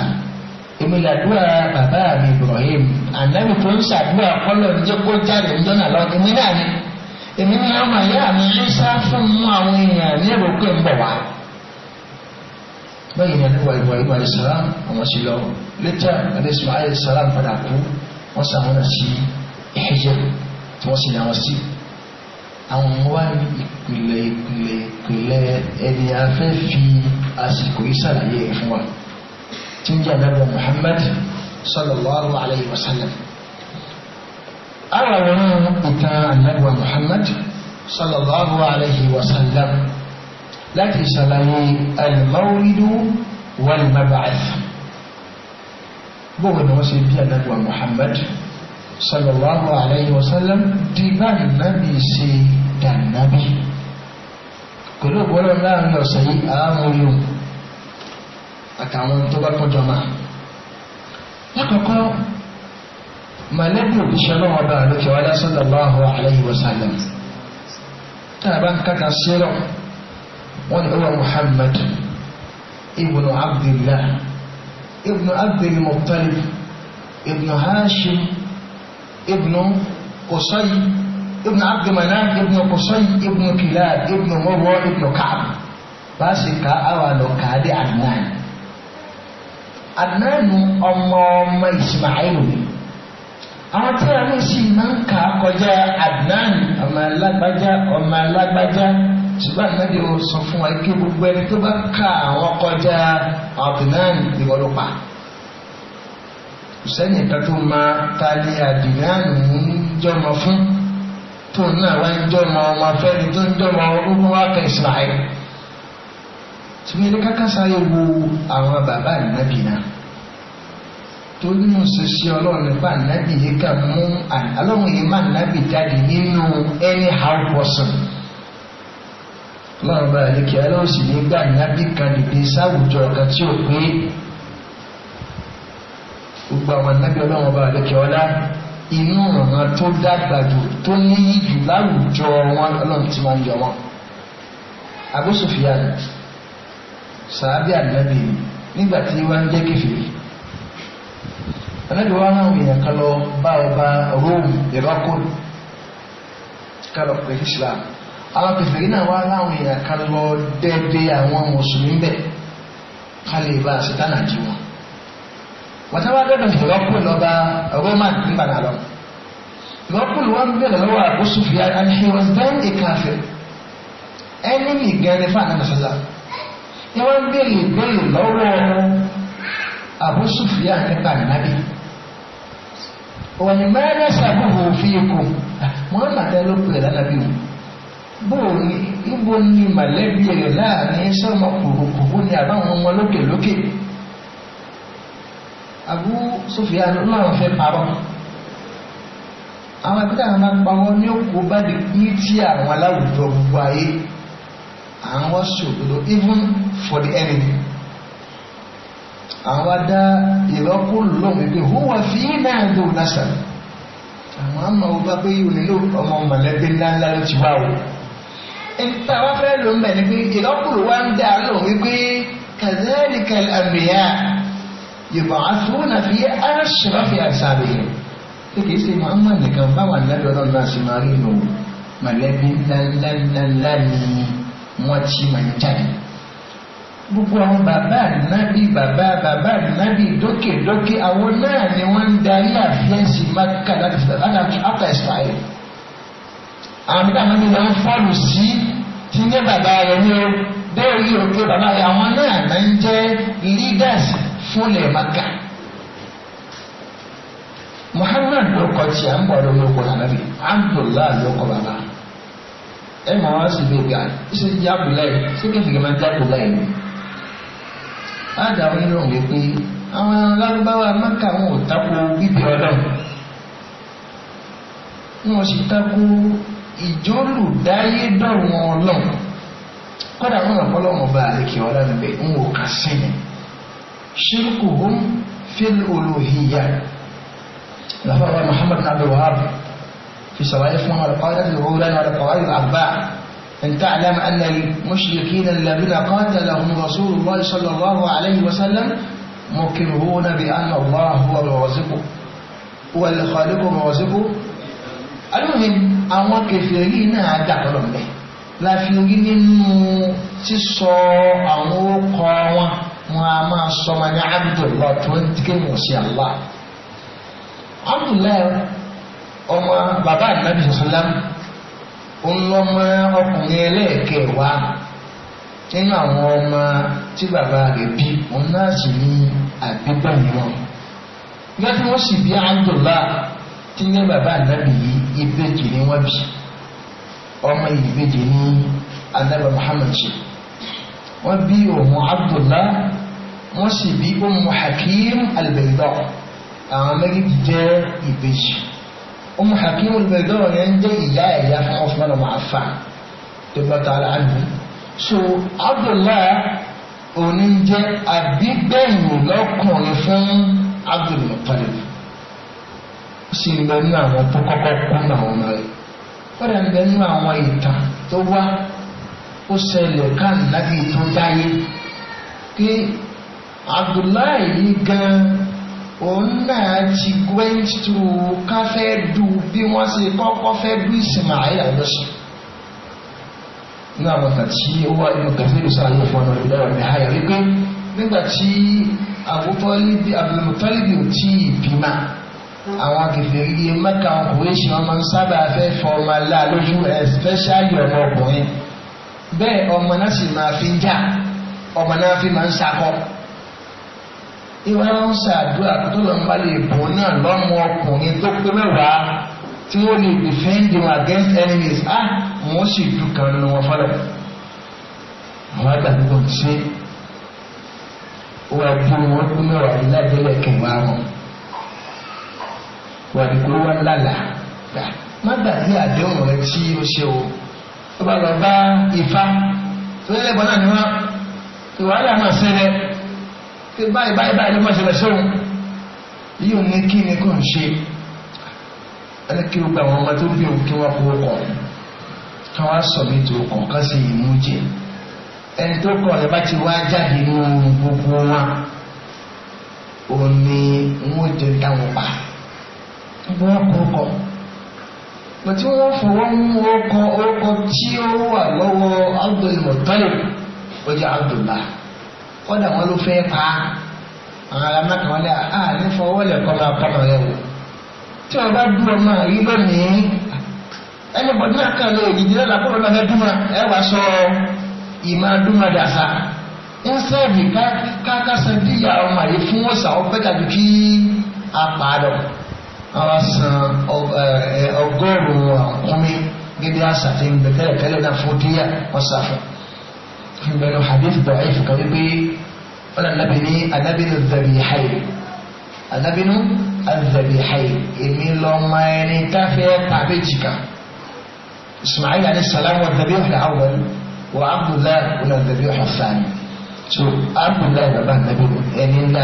ìmìlàdúrà bàbá mi ibrahim ànábì tó ń ṣàdúrà kọlọ níjẹ kó jáde níjọ náà lọ èmi náà ni èmi ní ọmọ ìyá mi isa fún mú àwọn èèyàn ní èrò pé ń bọ̀ wá bẹ́yìn ẹ̀lẹ́wà ìwà ìwà ìsàlám àwọn sí lọ lẹ́tà ẹ̀lẹ́sùn ayé ìsàlám padà kú wọ́n sàwọn náà sí ìhẹ́jẹ́ tí wọ́n sì ní àwọn sí àwọn wá ní ìpìlẹ̀ ìpìlẹ̀ ìpìlẹ̀ ẹni afẹ́ fi àsìkò ìsàlàyé fún wa tí ń jẹ́ àdábọ̀ Muhammad sallallahu alayhi wa sallam ara wọn ìtàn àdábọ̀ Muhammad sallallahu alayhi wa sallam láti ṣàlàyé al-mawlidu wal-mab'ath gbogbo ni wọ́n ṣe bí anábíwá Muhammad sallallahu alayhi wa sallam di bá nàbí ṣe dànàbí pẹ̀lú ọ̀pọ̀lọpọ̀ láàrin ọ̀sẹ̀ yìí àámúyò àtàwọn tó bá tọ́jọ́ tá a bá ń kàkà sílọ̀ wọ́n ní ọwọ́ Muhammad ibnu Abdillah ibnu Abdil Muttalib ibnu Hashim ibnu Qusay ibnu Abdil Manaf ibnu Qusay ibnu Kilab ibnu Murra ibnu Ka'b bá a sì ká àwọn àlọ́ kàádé Adnan Adnanu ọmọ ọmọ Ismailu ni àwọn tí a ní sì máa ń kà á kọjá Adnan ọmọ alágbájá ọmọ alágbájá ṣùgbọ́n àgbàdì ó sọ fún wa kí gbogbo ẹni tó bá ká àwọn kọjá àdìnán ìwọlọ́pà sẹ́ni kan tó máa tali àdìnán ń jọmọ fún tó náà wá ń jọmọ ọmọ afẹ́ni tó ń jọmọ ọgbọ́n wá kan ìsìláyé ṣùgbọ́n ẹni kankan sáré wo àwọn bàbá ànábì náà tó nínú ṣiṣẹ́ ọlọ́run nípa ànábì yìí kà mú àlọ́run yìí má ànábì jáde nínú any hard person ọlọ́run bá àlékè ọlọ́run sì ní gbà nábì kan dìde sáwùjọ ọ̀kan tí ò pé gbogbo àwọn nábì ọlọ́run bá àlékè ọlá inú ọ̀ràn tó dàgbà jù tó níyì jù láwùjọ wọn ọlọ́run ti máa ń yọ wọn. Abu Sufyan sàábì ànábì nígbà tí wọ́n ń jẹ́ kẹfìrí ànábì wọn àwọn èèyàn kan bá ọba Róòmù ìrọ́kùn kálọ̀ pẹ̀lú Islam àwọn kèfèrí náà wá láwọn èèyàn kan lọ dẹ́dẹ́ àwọn mùsùlùmí bẹ̀ ká lè bá sítánà jí wọn wọ́n táwọn dọ́dọ̀ ìrọ́pù lọ́ba roman nígbàdà lọ ìrọ́pù wọn bẹ̀rẹ̀ lọ́wọ́ Abu Sufyan and he was then a kafir ẹni nìgan ní fún àná sọ́sà ni wọ́n bẹ̀rẹ̀ ìbéèrè lọ́wọ́ Abu Sufyan nípa nàbí wọ́n ni mẹ́rẹ́sà bùhù fi kù wọ́n nàdẹ́ ló pè lánàbí wọn. bóòrí níbo ni mọ̀lẹ́bí rẹ̀ láàrin sọ́mọ kùrùkùrù ni a ọmọ lókèlókè Abu Sufyan ọlọ́run fẹ́ parọ́ àwọn akẹ́kọ̀ọ́ àwọn máa pa wọ́n ní bá di ní tí àwọn aláwùjọ gbogbo ayé àwọn even for the enemy àwọn adá fi náà lásán àwọn pé nílò ọmọ mọ̀lẹ́bí ńláńlá nípa wá fẹ́ ló ń bẹ̀ ni pé ìlọ́kùnrin wá ń dà lò wípé kazalika al-anbiya yub'athuna fi ashrafi ajsabihim pé kìí ṣe Muhammad nìkan báwọn àlejò ọlọ́run náà ṣe máa rí nù mọ̀lẹ́bí ńláńláńláńlá ni wọ́n ti máa ń jáde gbogbo àwọn bàbá ànábì bàbá bàbá ànábì dókèdókè àwọn náà ni wọ́n ń darí àfẹ́ǹsì mákàlá àtàkùn àtàkùn àmì táwọn ní máa ń sí ti ní bàbá rẹ̀ ní o dé orí òkè bàbá rẹ̀ àwọn maka. Muhammad ló kọ tí a ń bọ̀ lórí oko lànà bí Abdullahi ló kọ bàbá ẹ máa wá sí bèbí à ṣe jẹ Abdullahi ṣé máa maka wọn ò takò bíbí ọlọ́run. dáyé ìjólùdáyédọ̀rùn ọlọ́run kọ́dà fún ọ̀pọ̀lọ́run ọba àlekè ọ̀la níbẹ̀ ń wò kà sí ni ṣírkù hum fil olóhìyà lọ́fọ̀ọ́rọ̀ muhammad fi nabi wahab في سوائف من القادة الأولى والقواعد الأربع أن تعلم أن المشركين الذين قاتلهم رسول الله صلى الله عليه وسلم مكرهون بأن الله هو الرازق والخالق الرازق المهم àwọn kèfèrí náà dàtọ̀lọ̀ mẹ́ la fi rí nínú sísọ àwọn orúkọ wọn wọn a máa sọ ma ní Abdullah tó ń ké mọ̀ sí Allah Abdullah ọmọ bàbá ànábì sọsọlá ńlọmọ ọkùnrin ẹlẹ́ẹ̀kẹwàá nínú àwọn ọmọ tí bàbá rẹ̀ bí òun náà sì ní àgbégbà mìíràn yàtọ̀ wọ́n sì bí Abdullah tí ní bàbá ànábì yìí ìbejì ni wọ́n bí ọmọ ìbejì ní ànábì Muhammad ṣe wọ́n bí ọmọ Abdullah wọ́n sì bí ọmọ Hakim al-Bayda àwọn méjèèjì jẹ́ ìbejì ọmọ Hakim al-Bayda yẹn ń jẹ́ ìyá ẹ̀yà fún Osman ọmọ afa tó bá so Abdullah òní jẹ́ àbígbẹ̀yìn lọ́kùnrin fún Abdul sì ń bẹ nínú àwọn tó kọ́kọ́ kú ní àwọn ọmọ rẹ̀ ó dẹ̀ ń bẹ nínú àwọn ìtàn tó wá ó ṣẹlẹ̀ kan láti tó dáyé kí Abdullahi yìí gan òun náà ti went through ká fẹ́ du bí wọ́n ṣe kọ́kọ́ fẹ́ du Ismail àlọ́sùn náà wọ́n tàbí ó wá inú kẹfìrì sáàlù fún ọ̀nà ìdára ìhàyà wípé nígbà tí àbútọ́líbi Abdulmutalibi ò tí bímá àwọn kẹfìrí mẹ́ka ọkùnrin ṣe ọmọ sábà fẹ́ fọmọ alá lójú especially ọmọ ọkùnrin bẹ́ẹ̀ ọmọ náà sì máa fi ń jà ọmọ náà fi máa ń sakọ ìwà ń ṣàdúrà tó lọ ń balẹ̀ ìbò náà lọ́mọ ọkùnrin tó pé mẹ́wàá tí wọ́n lè defend them against enemies ah wọ́n sì dùkàn nínú wọn fọlọ́ àwọn àgbàdo ti ṣe wọ́n á bí wọn kú mẹ́wàá ìlàjẹ́lẹ̀ kẹwàá wọn wàdìgbò wà lálà má gbàgbé àdéhùn rẹ tí ó ṣe o ó bá lọ bá ifá tó yẹ lẹ́gbọ́n náà ni wọ́n ti wàhálà máa ṣẹlẹ̀ pé báyìí báyìí báyìí ló máa ṣẹlẹ̀ sóhun yìí ò ní kí ni kò ń ṣe ẹni kí o gba àwọn ọmọ tó bí òun kí wọ́n kó kọ̀ kí wọ́n sọ mí tó kọ̀ ká sì yìí mú jẹ ẹni tó kọ̀ ẹ bá ti wá jáde nínú gbogbo wọn òun wọ́n jẹ dáwọn pa wọ́n kọ́kọ́ pẹ̀ tí wọ́n fọwọ́ mú ọkọ̀ ọkọ̀ tí ó wà lọ́wọ́ Abdul Muttalib ó jẹ́ Abdullah kọ́dà wọn ló fẹ́ pa àwọn ará mẹ́ta wọn lẹ́yà á ní fọwọ́ lẹ̀ kọ́ máa pọ́nà rẹ̀ wò tí wọ́n bá dúró máa rí lónìí ẹni bọ̀dé náà kàn lọ òjijì náà lápò lọ́nà fẹ́ dúnmọ́ ẹ wá sọ ìmọ̀ dúnmọ́ dàsa ń sẹ́ẹ̀dì ká ká sẹ́ẹ̀dì yà ọmọ yìí fún ọ̀sà ọ̀pẹ́ tàbí kí àwọn san ọgọ́rùn-ún àkúnmí gẹ́gẹ́ àṣà tí ń bẹ tẹ́lẹ̀tẹ́lẹ̀ náà fún díyà wọ́n sàfẹ́ fún bẹ̀rù hadith bẹ̀rẹ̀ ìfúkà wípé wọ́n lànàbì ní anábìnú zẹ̀bì hayi anábìnú azẹ̀bì hayi èmi lọ́mọ ẹni táfẹ́ pàbí jìkà ismail alayhi salam wa zẹ̀bì ọ̀hún wa abdullahi wa zẹ̀bì ọ̀hún fani so abdullahi baba anabi ẹni ńlá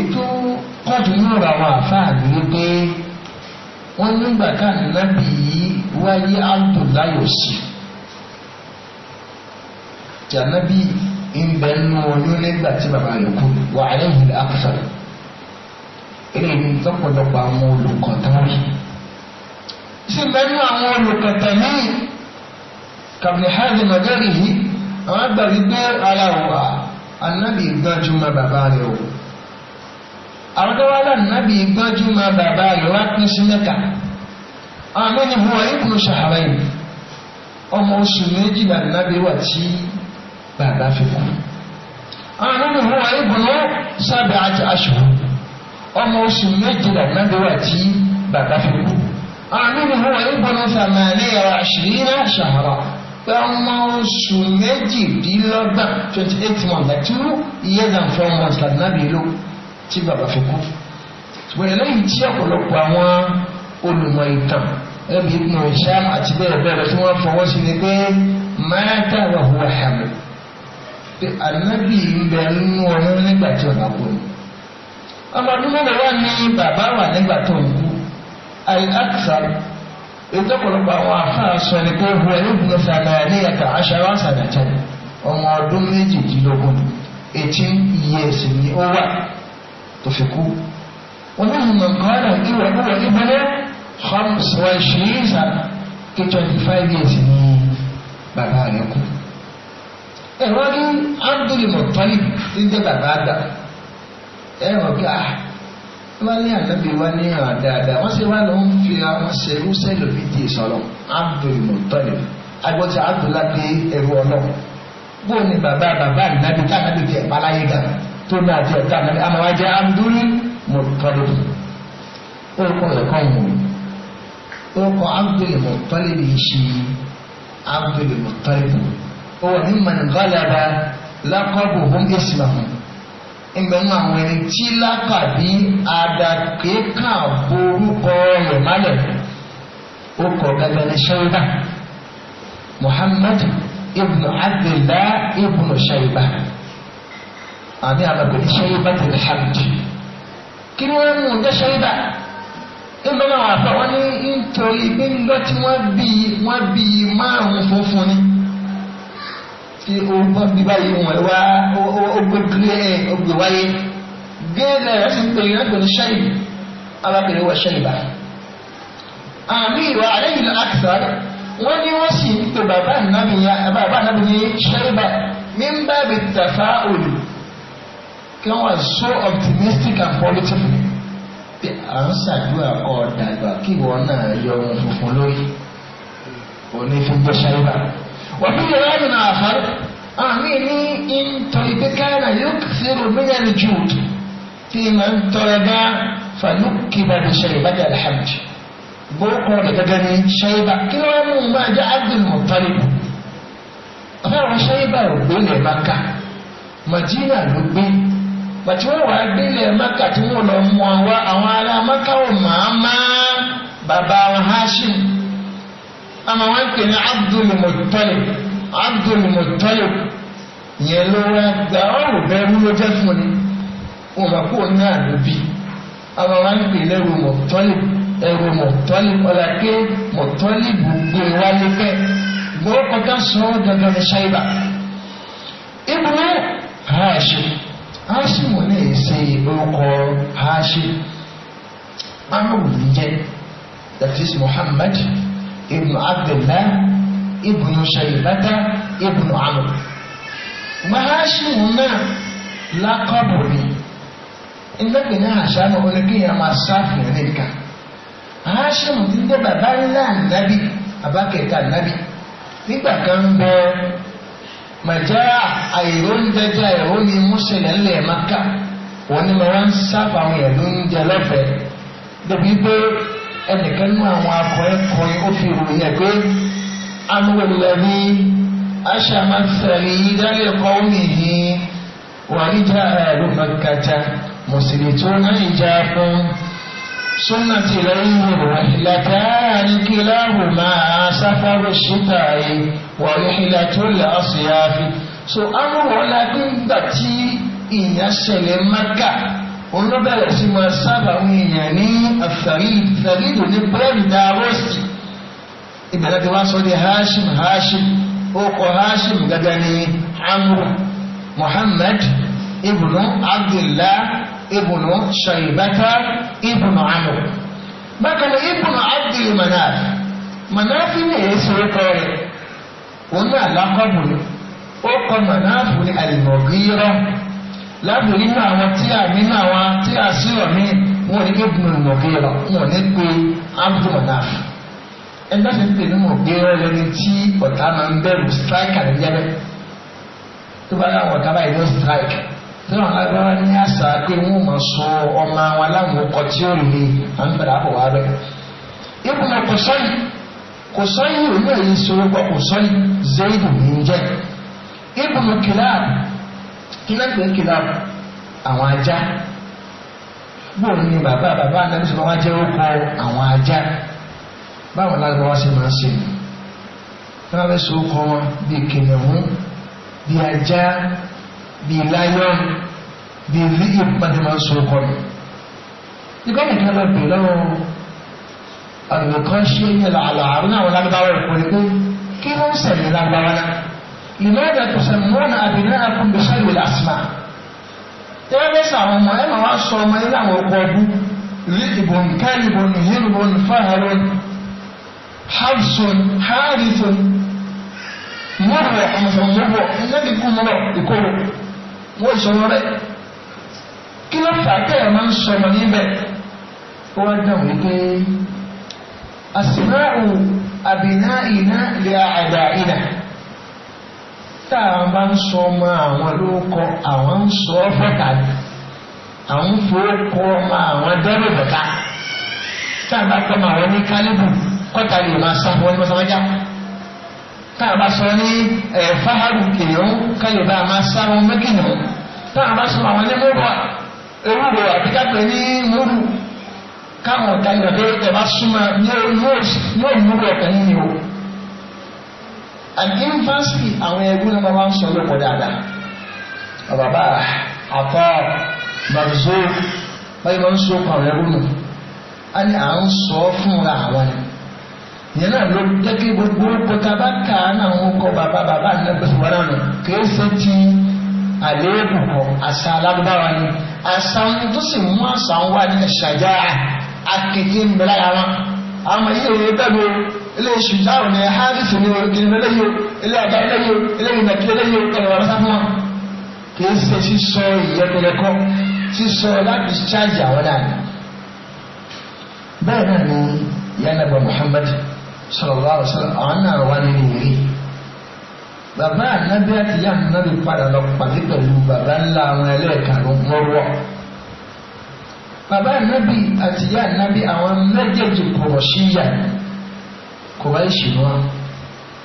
ètò kọ́ọ̀tù yóò ra àwọn àfáà ní wípé wọ́n nígbà káàdì nábì yìí wáyé abdullahi òsì jànábì ìbẹ̀ nù ọdún nígbà tí bàbá rẹ̀ kú wà á lẹ́yìn àkùsọ̀rọ̀ eléyìí lọ́pọ̀lọpọ̀ àwọn olùkọ̀tàn rí sí mẹ́nu àwọn olùkọ̀tàn ní kàbí hàbí nàgẹ́rì yìí àwọn àgbà wípé ara wà ànábì gbájúmọ́ bàbá rẹ̀ o àwọn tó wá lánàbì gbájú máa bàbá rẹ̀ wá pín sí mẹ́ta àwọn mẹ́ni wọ́n ibùdó ṣàhárá yìí ọmọ oṣù méjì lánàbì wà tí bàbá fi kú àwọn mẹ́ni wọ́n ibùdó sábà àti aṣọ ọmọ oṣù méjì lánàbì wà tí bàbá fi kú àwọn mẹ́ni wọ́n ibùdó sàmàlẹ́ àṣírí ṣàhárá pé ọmọ oṣù méjìdínlọ́gbọ̀n twenty eight months like two years and four months lánàbì lóko. tí bàbá fi kú ṣùgbọ́n eléyìí tí ọ̀pọ̀lọpọ̀ àwọn olùmọ̀ ìtàn ẹbí ibùdó ìṣá àti bẹ́ẹ̀ bẹ́ẹ̀ tí wọ́n fọwọ́ sí ni pé mẹ́ta wà hùwà hàmì pé ànábì ń bẹ nínú nígbà tí ọ̀nà kú ni mẹ́rin wà ní bàbá wà nígbà tó ń kú ètò ọ̀pọ̀lọpọ̀ àwọn sọ ni pé ọmọ ọdún méjìdínlógún ni ó tó fi kú wọn náà mọ̀ nǹkan náà ìwà ìwà ìbẹ̀rẹ̀ hams wa ṣèyíṣà kí twenty five years ní bàbá rẹ̀ kú ẹ̀rọ ní Abdul Muttalib ti jẹ́ bàbá àgbà ẹ̀rọ bí a wọ́n ní àtàbí wá ní ọ̀rọ̀ dáadáa wọ́n sì wá ló ń fi àwọn ṣerú sẹ́lò méjì sọ̀rọ̀ Abdul Muttalib agbọ́tí Abdul láti ẹ̀rọ ọlọ́run bóun ni bàbá bàbá àdìdájú tá àdìdájú tiẹ̀ pa láyé gan tó ní àti ọ̀tá àmì àmì wá jẹ́ amdúrí mọ̀tọ́lẹ́bì orúkọ ẹ̀kọ́ ìwọ̀n orúkọ amdúrí mọ̀tọ́lẹ́bì ṣe amdúrí mọ̀tọ́lẹ́bì ó wà ní mọ̀nìgbàlára lákọ́bù hún ìsìlámù ìgbà náà àwọn ẹni tí lákàbí adàkékà borúkọ rẹ̀ málẹ̀ ó gẹ́gẹ́ ní ṣẹ́yìnbá Muhammad ibn Abdullah ibn ṣẹ́yìnbá àmì àmàgbè ní ṣẹ́yìnbá ti ní hàmìdì kí ni wọ́n mú un jẹ́ ṣẹ́yìnbá nígbà náà àfẹ́ wọn ní nítorí pé nígbà tí wọ́n bí wọ́n bí márùn funfun ni tí ogun bí báyìí wọ́n wá ogbèdúré ẹ̀ ogbè wáyé gẹ́gẹ́ rẹ̀ sì pé ìrẹ́gbẹ̀ ní ṣẹ́yìn alábẹ̀rẹ̀ wọ ṣẹ́yìn àmì ìwà àlẹ́yìn àkàtà wọ́n ní wọ́n sì ń pè bàbá ànábìyàn They were so optimistic and positive. Pé à ń ṣàdúrà kọ́ dàgbà kí ìwọ náà yọ ohun funfun lórí. Òní fún bó ṣe wà. Wọ́n bí ìwé ẹ̀rù náà fẹ́. Àmì ní ìtọ̀ ìgbékáyà yóò fi ròmìnà jù tí màá ń tọrọ bá fanukkiba bi shaybati alhamd boko da ta gani shaiba kila wani ma ja abdul muttalib ọ̀rọ̀ shaiba ò gbé lè maka madina ló gbé bàtí wọ́n wàá gbélé maka tí wọ́n lọ mú wa àwọn ará maka ò máa bàbá Hashim àmọ́ wọn pè ní Abdul Muttalib Abdul yẹn ló gba ọ̀rọ̀ bẹ́ẹ̀ wúlò fẹ́ fún ni wọ́n máa kó ní àlóbi àmọ́ wọ́n pè lẹ́rù gbogbo ìwálé fẹ́ gbọ́ sọ́ọ́ dandan ṣáìbà ibùdó Hashimu náà ṣe orúkọ Hashim Amru ní jẹ́ that is Muhammad ibn Abdullah ibn Shaybata ibn Amr Mahashimu náà lákọ̀bù ni ìgbẹ́pẹ̀ náà àṣàmù oníkéèyàn máa sáfù ní nìkan Hashimu ti jẹ́ bàbá ńlá nàbí abákẹ́ta nàbí nígbà kan bẹ́ẹ̀ mẹjẹ àìróúnjẹjẹ àìróní múṣẹlẹ ńlẹ maka wọn ni mo wọn sábà àwọn yẹn ló ń jẹ lọfẹẹ débi pé ẹnìkan nú àwọn akọ̀ẹ́kọ̀ẹ́ ó fi ròyìn ẹ̀ pé anúwẹ̀lẹ́bí aṣàmásẹ̀rí dálé kọ́ nìyí wà níjà ẹ̀rọ mẹ́kàtà mùsùlùmí tó náà ń jà fún. سنة العيد رحلتان كلاهما سفر الشتاء ورحلة الأصياف so amúrọ̀lá gbígbà tí ìyẹn ṣẹlẹ̀ mẹ́kà òun ló bẹ̀rẹ̀ sí máa sábà àwọn èèyàn ní àfẹ̀ríd fẹ̀ríd ní pẹ́rẹ́dà rọ́ọ̀sì ìbẹ̀rẹ̀ tí wọ́n sọ ní hashim hashim orúkọ hashim gẹ́gẹ́ ní amúrọ̀ muhammad ibùdó abdullah ibùnú ṣàyẹ̀bẹ́tà ibùnú amú bákan náà ibùnú abdul manaf manaf ní èyí sí orúkọ rẹ̀ òun náà lákọ̀bù ni ó kọ manaf ní alimọ̀gírọ́ lábìrì nínú àwọn tí a nínú àwọn tí a sí ọ̀mí wọn ní ibùnú mọ̀gírọ́ wọn ní pé abdul manaf ẹgbẹ́ sì ń pè ní mọ̀gírọ́ lẹ́ni tí ọ̀tá máa ń bẹ̀rù strike àdéjẹ́bẹ́ tó bá yà wọ̀ ọ̀tá báyìí ló strike tọ́lá alágbára ní àṣà pé wọ́n mọ̀ sọ ọmọ àwọn aláwọ̀ ọkọ̀ tí ó lè à ń bẹ̀rẹ̀ àbọ̀ wá bẹ́ẹ̀. ibùn kò sọ́yìn kò sọ́yìn òun náà yìí sọ̀rọ̀ pọ̀ kò sọ́yìn zayidu ní jẹ́. ibùn kìláàbù kìláàbù ń kìláàbù àwọn ajá. bóun ni bàbá bàbá anábì sọ̀rọ̀ wá jẹ́ orúkọ àwọn ajá. báwọn alágbára wá sí máa ń ṣe ni. tọ́lá fẹ́ sọ orúkọ wọn bíi kìnìún bíi ajá bíi lion bíi lion pàtẹ́ máa ń so ọkọ rẹ̀ nígbà nìkan lọ pè lọ́wọ́ àlùkọ́ ṣe ń yẹlẹ àlàárọ̀ náà wọn lágbára ẹ̀kọ́ ni pé kí ló ń sẹ̀lẹ̀ lágbára náà ìmọ̀ọ́dà tó sẹ̀mú wọn àbìnrin àkùnbí sẹ́lẹ̀ lásìmá tẹ́lẹ̀ bẹ́ẹ̀ sọ àwọn ọmọ ẹ̀ máa wá sọ ọmọ ilé àwọn ọkọ̀ ọdún rídìbọn kẹ́rìbọn hírìbọn fáhàrọ́n harson harrison mọ́rọ̀ ọ̀sán mọ́rọ̀ ẹ̀yẹ́dìkú mọ́rọ̀ ìkóró wọ́n ìṣòro rẹ̀ kí ló fà kẹ́yà máa ń sọmọ níbẹ̀ ó wá dáhùn wípé àsìmáàrù àbìná iná lè àdá iná tá a bá ń sọ ọmọ àwọn lóko àwọn ń sọ ọ́ fẹ́ta àwọn fòókọ ọmọ àwọn dẹ́rù bẹ̀ta tá a bá kọ́ ọmọ àwọn ní kálíbù kọ́ta lè máa sá fún wọn ní mọ́sánájá tá a bá sọ ní ẹ̀ fáhàrù kìnìún káyọ̀dá máa sáwọn mẹ́kìnìún tá a bá sọ àwọn ní mọ́rùwà ewúro àti kápẹ́ ní mọ́rù káwọn ọ̀gá ìgbàgbé ẹ̀ bá súnmọ́ yóò múrò ọ̀kan yìí o. àti ńfàsì àwọn ẹgbẹ́ náà máa ń sọ lóko dáadáa ọ̀bàbà àkọ́ bàbùsọ̀ báyìí máa ń sọ ọkọ̀ àwọn ẹgbẹ́ náà á ní à ń sọ fúnra àwọn ẹgbẹ́ yẹn náà ló jẹ́ kí gbogbo pẹ̀ka bá kà á náà ń kọ́ bàbá bàbá àdínlẹ́gbẹ̀sọ̀rọ̀ náà nù kì í ṣe ti àléébù kọ àṣà alágbára ni àṣà tó sì mú àṣà ń wá ní ẹ̀ṣàjá akéké ń bẹ̀rẹ̀ ara àwọn yìí èyí bẹ́ẹ̀ ló ilé ṣùjáwò ní hádìsì ní ìrìnlẹ́yò ilé ọ̀gá lẹ́yò ilé ìnàkílẹ́yò ẹ̀rọ ọ̀rọ̀sá fún wọn kì í ṣe sísọ ìyẹ́pẹ̀lẹ́kọ́ sísọ láti ṣáàjì àwọn náà bẹ́ẹ̀ náà ni yánàbọ̀ Muhammad sọlọ́lá àrùsọ́lá àwọn náà wà nínú ìwé bàbá ànábì àti ìyá ànábì padà lọ pàdé pẹ̀lú bàbá ńlá àwọn ẹlẹ́ẹ̀karùn mọ́rọ́ bàbá ànábì àti ìyá ànábì àwọn méjèèjì kọ̀rọ̀ sí yà kọ̀ráìṣì wọn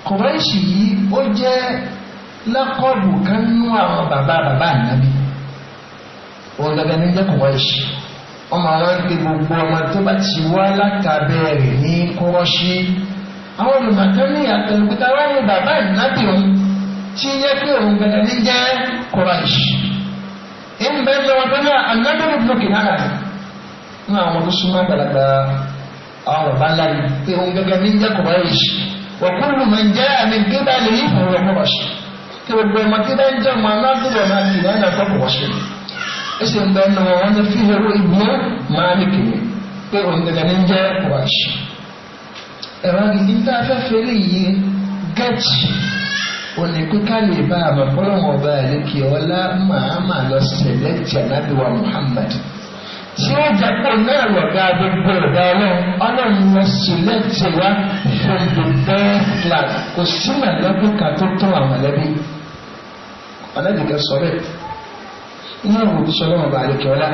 kọ̀ráìṣì yìí ó jẹ́ lákọ̀ọ̀bù kan àwọn bàbá bàbá ànábì wọn gbàgbé ní jẹ́ kọ̀ráìṣì ọmọ àwọn gbé gbogbo ọmọ tó bá ti wá látàbẹ̀rẹ̀ ní kọ̀rọ̀ṣí àwọn olùmọ̀tán ní àtẹnukúta wáyé bàbá ìnábì òun tí yẹ pé òun gbẹdẹ ní jẹ́ Quraish ń bẹ lọ́wọ́ tó náà anábìrì blọọkì náà ní àwọn tó súnmọ́ àgbàlagbà àwọn bàbá ńlá yìí pé òun gbẹdẹ ní jẹ́ Quraish wọ́kúrú mọ̀ ń jẹ́ àmì gbígbà lè yí fún ọmọ wáṣẹ kí gbogbo ọmọ tí bá ń jẹ́ ọmọ anábìrì ọmọ àti ìyá ìyá tọ́pọ̀ wáṣẹ ẹsẹ̀ ń bẹ lọ́wọ́ wọn ní fíhẹ́rọ ìgbó máa ní kiri pé òun gbẹdẹ ní jẹ́ Quraish ẹ̀rọ gidi tá a fẹ́ fẹ́lẹ́ yìí gẹ́ẹ̀tì òní pípa lè bá àbàfọ́lọ́wọ́ ọba àlékè ọlá màámà lọ sẹ̀lẹ̀tì ànábìwá Muhammad tí ó jẹ́ pé náà lọ̀gá gbogbo ọ̀gá ọlọ́run ọlọ́run lọ sẹ̀lẹ̀tì wa from the best class kò sí mọ̀lẹ́bí kan tó tó àwọn mọ̀lẹ́bí ọ̀lẹ́dẹ̀gẹ́ sọ bẹ́ẹ̀ inú ìwò tí sọlọ́wọ́ ọba àlékè ọlá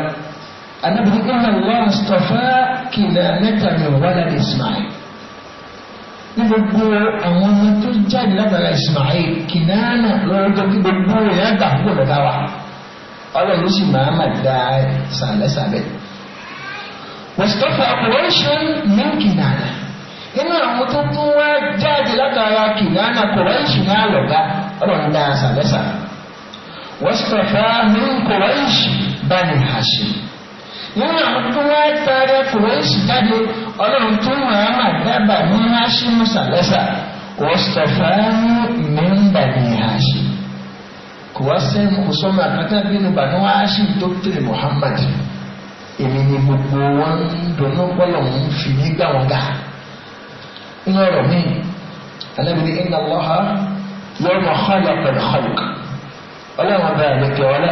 ànábìwá Allah mustafa kìlẹ̀ nẹ́tàmì wàlá Ismail ní gbogbo àwọn ọmọ tó jáde lágbàlá Ismail Kinana lọ́dọ̀ kí gbogbo rẹ̀ àgbà púpọ̀ lọ́dá wa ọlọ́run ló sì máa mà dá sàlẹ́sàlẹ́. Mustapha Kùrẹ́ṣẹ́ ní Kinana nínú àwọn tó tún wá jáde látara Kinana Kùrẹ́ṣẹ́ náà lọ́dá ọlọ́run dá sàlẹ́sàlẹ́. Mustapha ní Kùrẹ́ṣẹ́ bá ní Hashim nínú àwọn tó wá tààrẹ fòrẹ́sì jáde ọlọ́run tó máa mà dábàá ní haṣímù sàlẹ́sà wọ́sítọ̀fà mẹ́ńbà ní haṣí kò wá sẹ́nu kò sọ́mọ àkàtà bínú bàánú haṣí dókítà Muhammad èmi ni gbogbo wọn ń dùnú pọ́lọ̀ ń fi mí gbà wọn gà nínú ọ̀rọ̀ mi alábìrin yọ̀ọ́ mọ̀ xọ́lọ̀ pẹ̀lú xọ́lùk ọlọ́run bá a lè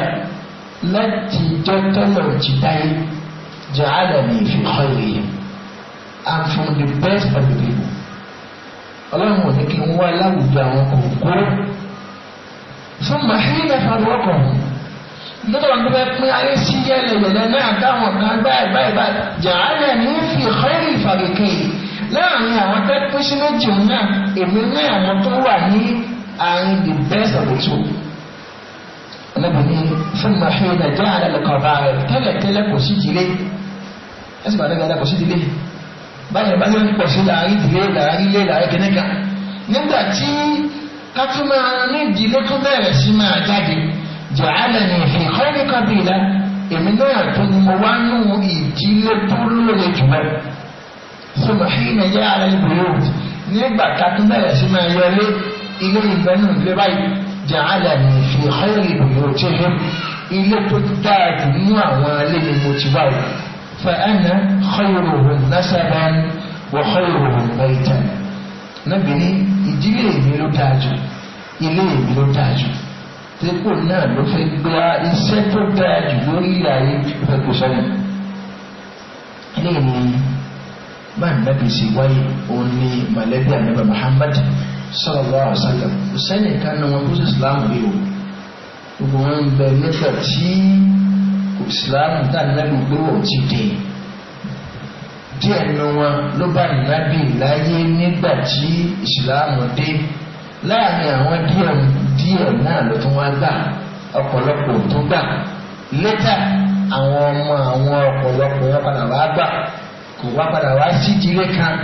láti dọ́tọ́lọ̀ ti dáyé jàádà ní ìfihàn yìí and from the best of the people ọlọ́run ò ní kí n wá láwùjọ àwọn kòkòrò fún màhínà fàdúrọ́kọ̀ nígbà wọn bẹ pín ayé sí yẹlẹyẹlẹ náà dáwọn kan báyìí báyìí báyìí jàádà ní ìfihàn ìfàgèkè láàrin àwọn tẹ́pẹ́sí méjì náà èmi náà mo tún wà ní àárín the best of the two alábìrin fún mahiru náà jẹ́ àlẹ́ kọ̀ọ̀bá rẹ̀ tẹ́lẹ̀ tẹ́lẹ̀ kò sí ìdílé ẹ̀sìn bàdé gàdá kò sí ìdílé báyìí bá yóò pọ̀ sí láàrin ìdílé láàrin ilé láàrin kẹ́nẹ́kà nígbà tí kátúmọ̀ ní ìdílé tó bẹ̀rẹ̀ sí máa jáde jẹ́ àlẹ́ ní ìfẹ́ kọ́ni kábìlá èmi náà tó ni wá nù ìdílé tó lóore jù lọ fún mahiru náà jẹ́ àlẹ́ nígbà kátúmọ̀ jàálàní fi xẹ́rì ìbòyò tí ó ilé tó dáa jù ní àwọn ilé ni mo ti wáyé fẹ́ẹ́nà xẹ́rùhùn nasaban wọ xẹ́rùhùn bẹ́ẹ̀tẹ̀ níbi ní ìdílé mi ló dáa jù ilé mi ló dáa jù tẹ́kù náà ló fẹ́ gba iṣẹ́ tó dáa jù lórí ayé fẹ́ kó sọ́nà ilé ni bá nàbì sí wáyé òun ni mọ̀lẹ́bí ànábà Muhammad sallallahu alaihi wasallam sẹ́nì kan náà wọn kó sí ìsìláàmù yìí o gbogbo wọn ń bẹ nípa tí ìsìláàmù tá a nẹ́nu pé wọ́n ti dé díẹ̀ nu wọn ló bá nìlábì láyé nígbà tí ìsìláàmù dé láàrin àwọn díẹ̀ díẹ̀ náà ló tún wá gbà ọ̀pọ̀lọpọ̀ tó gbà lẹ́tà àwọn ọmọ àwọn ọ̀pọ̀lọpọ̀ wọn padà wá gbà kò wá padà wá sí ìdílé kan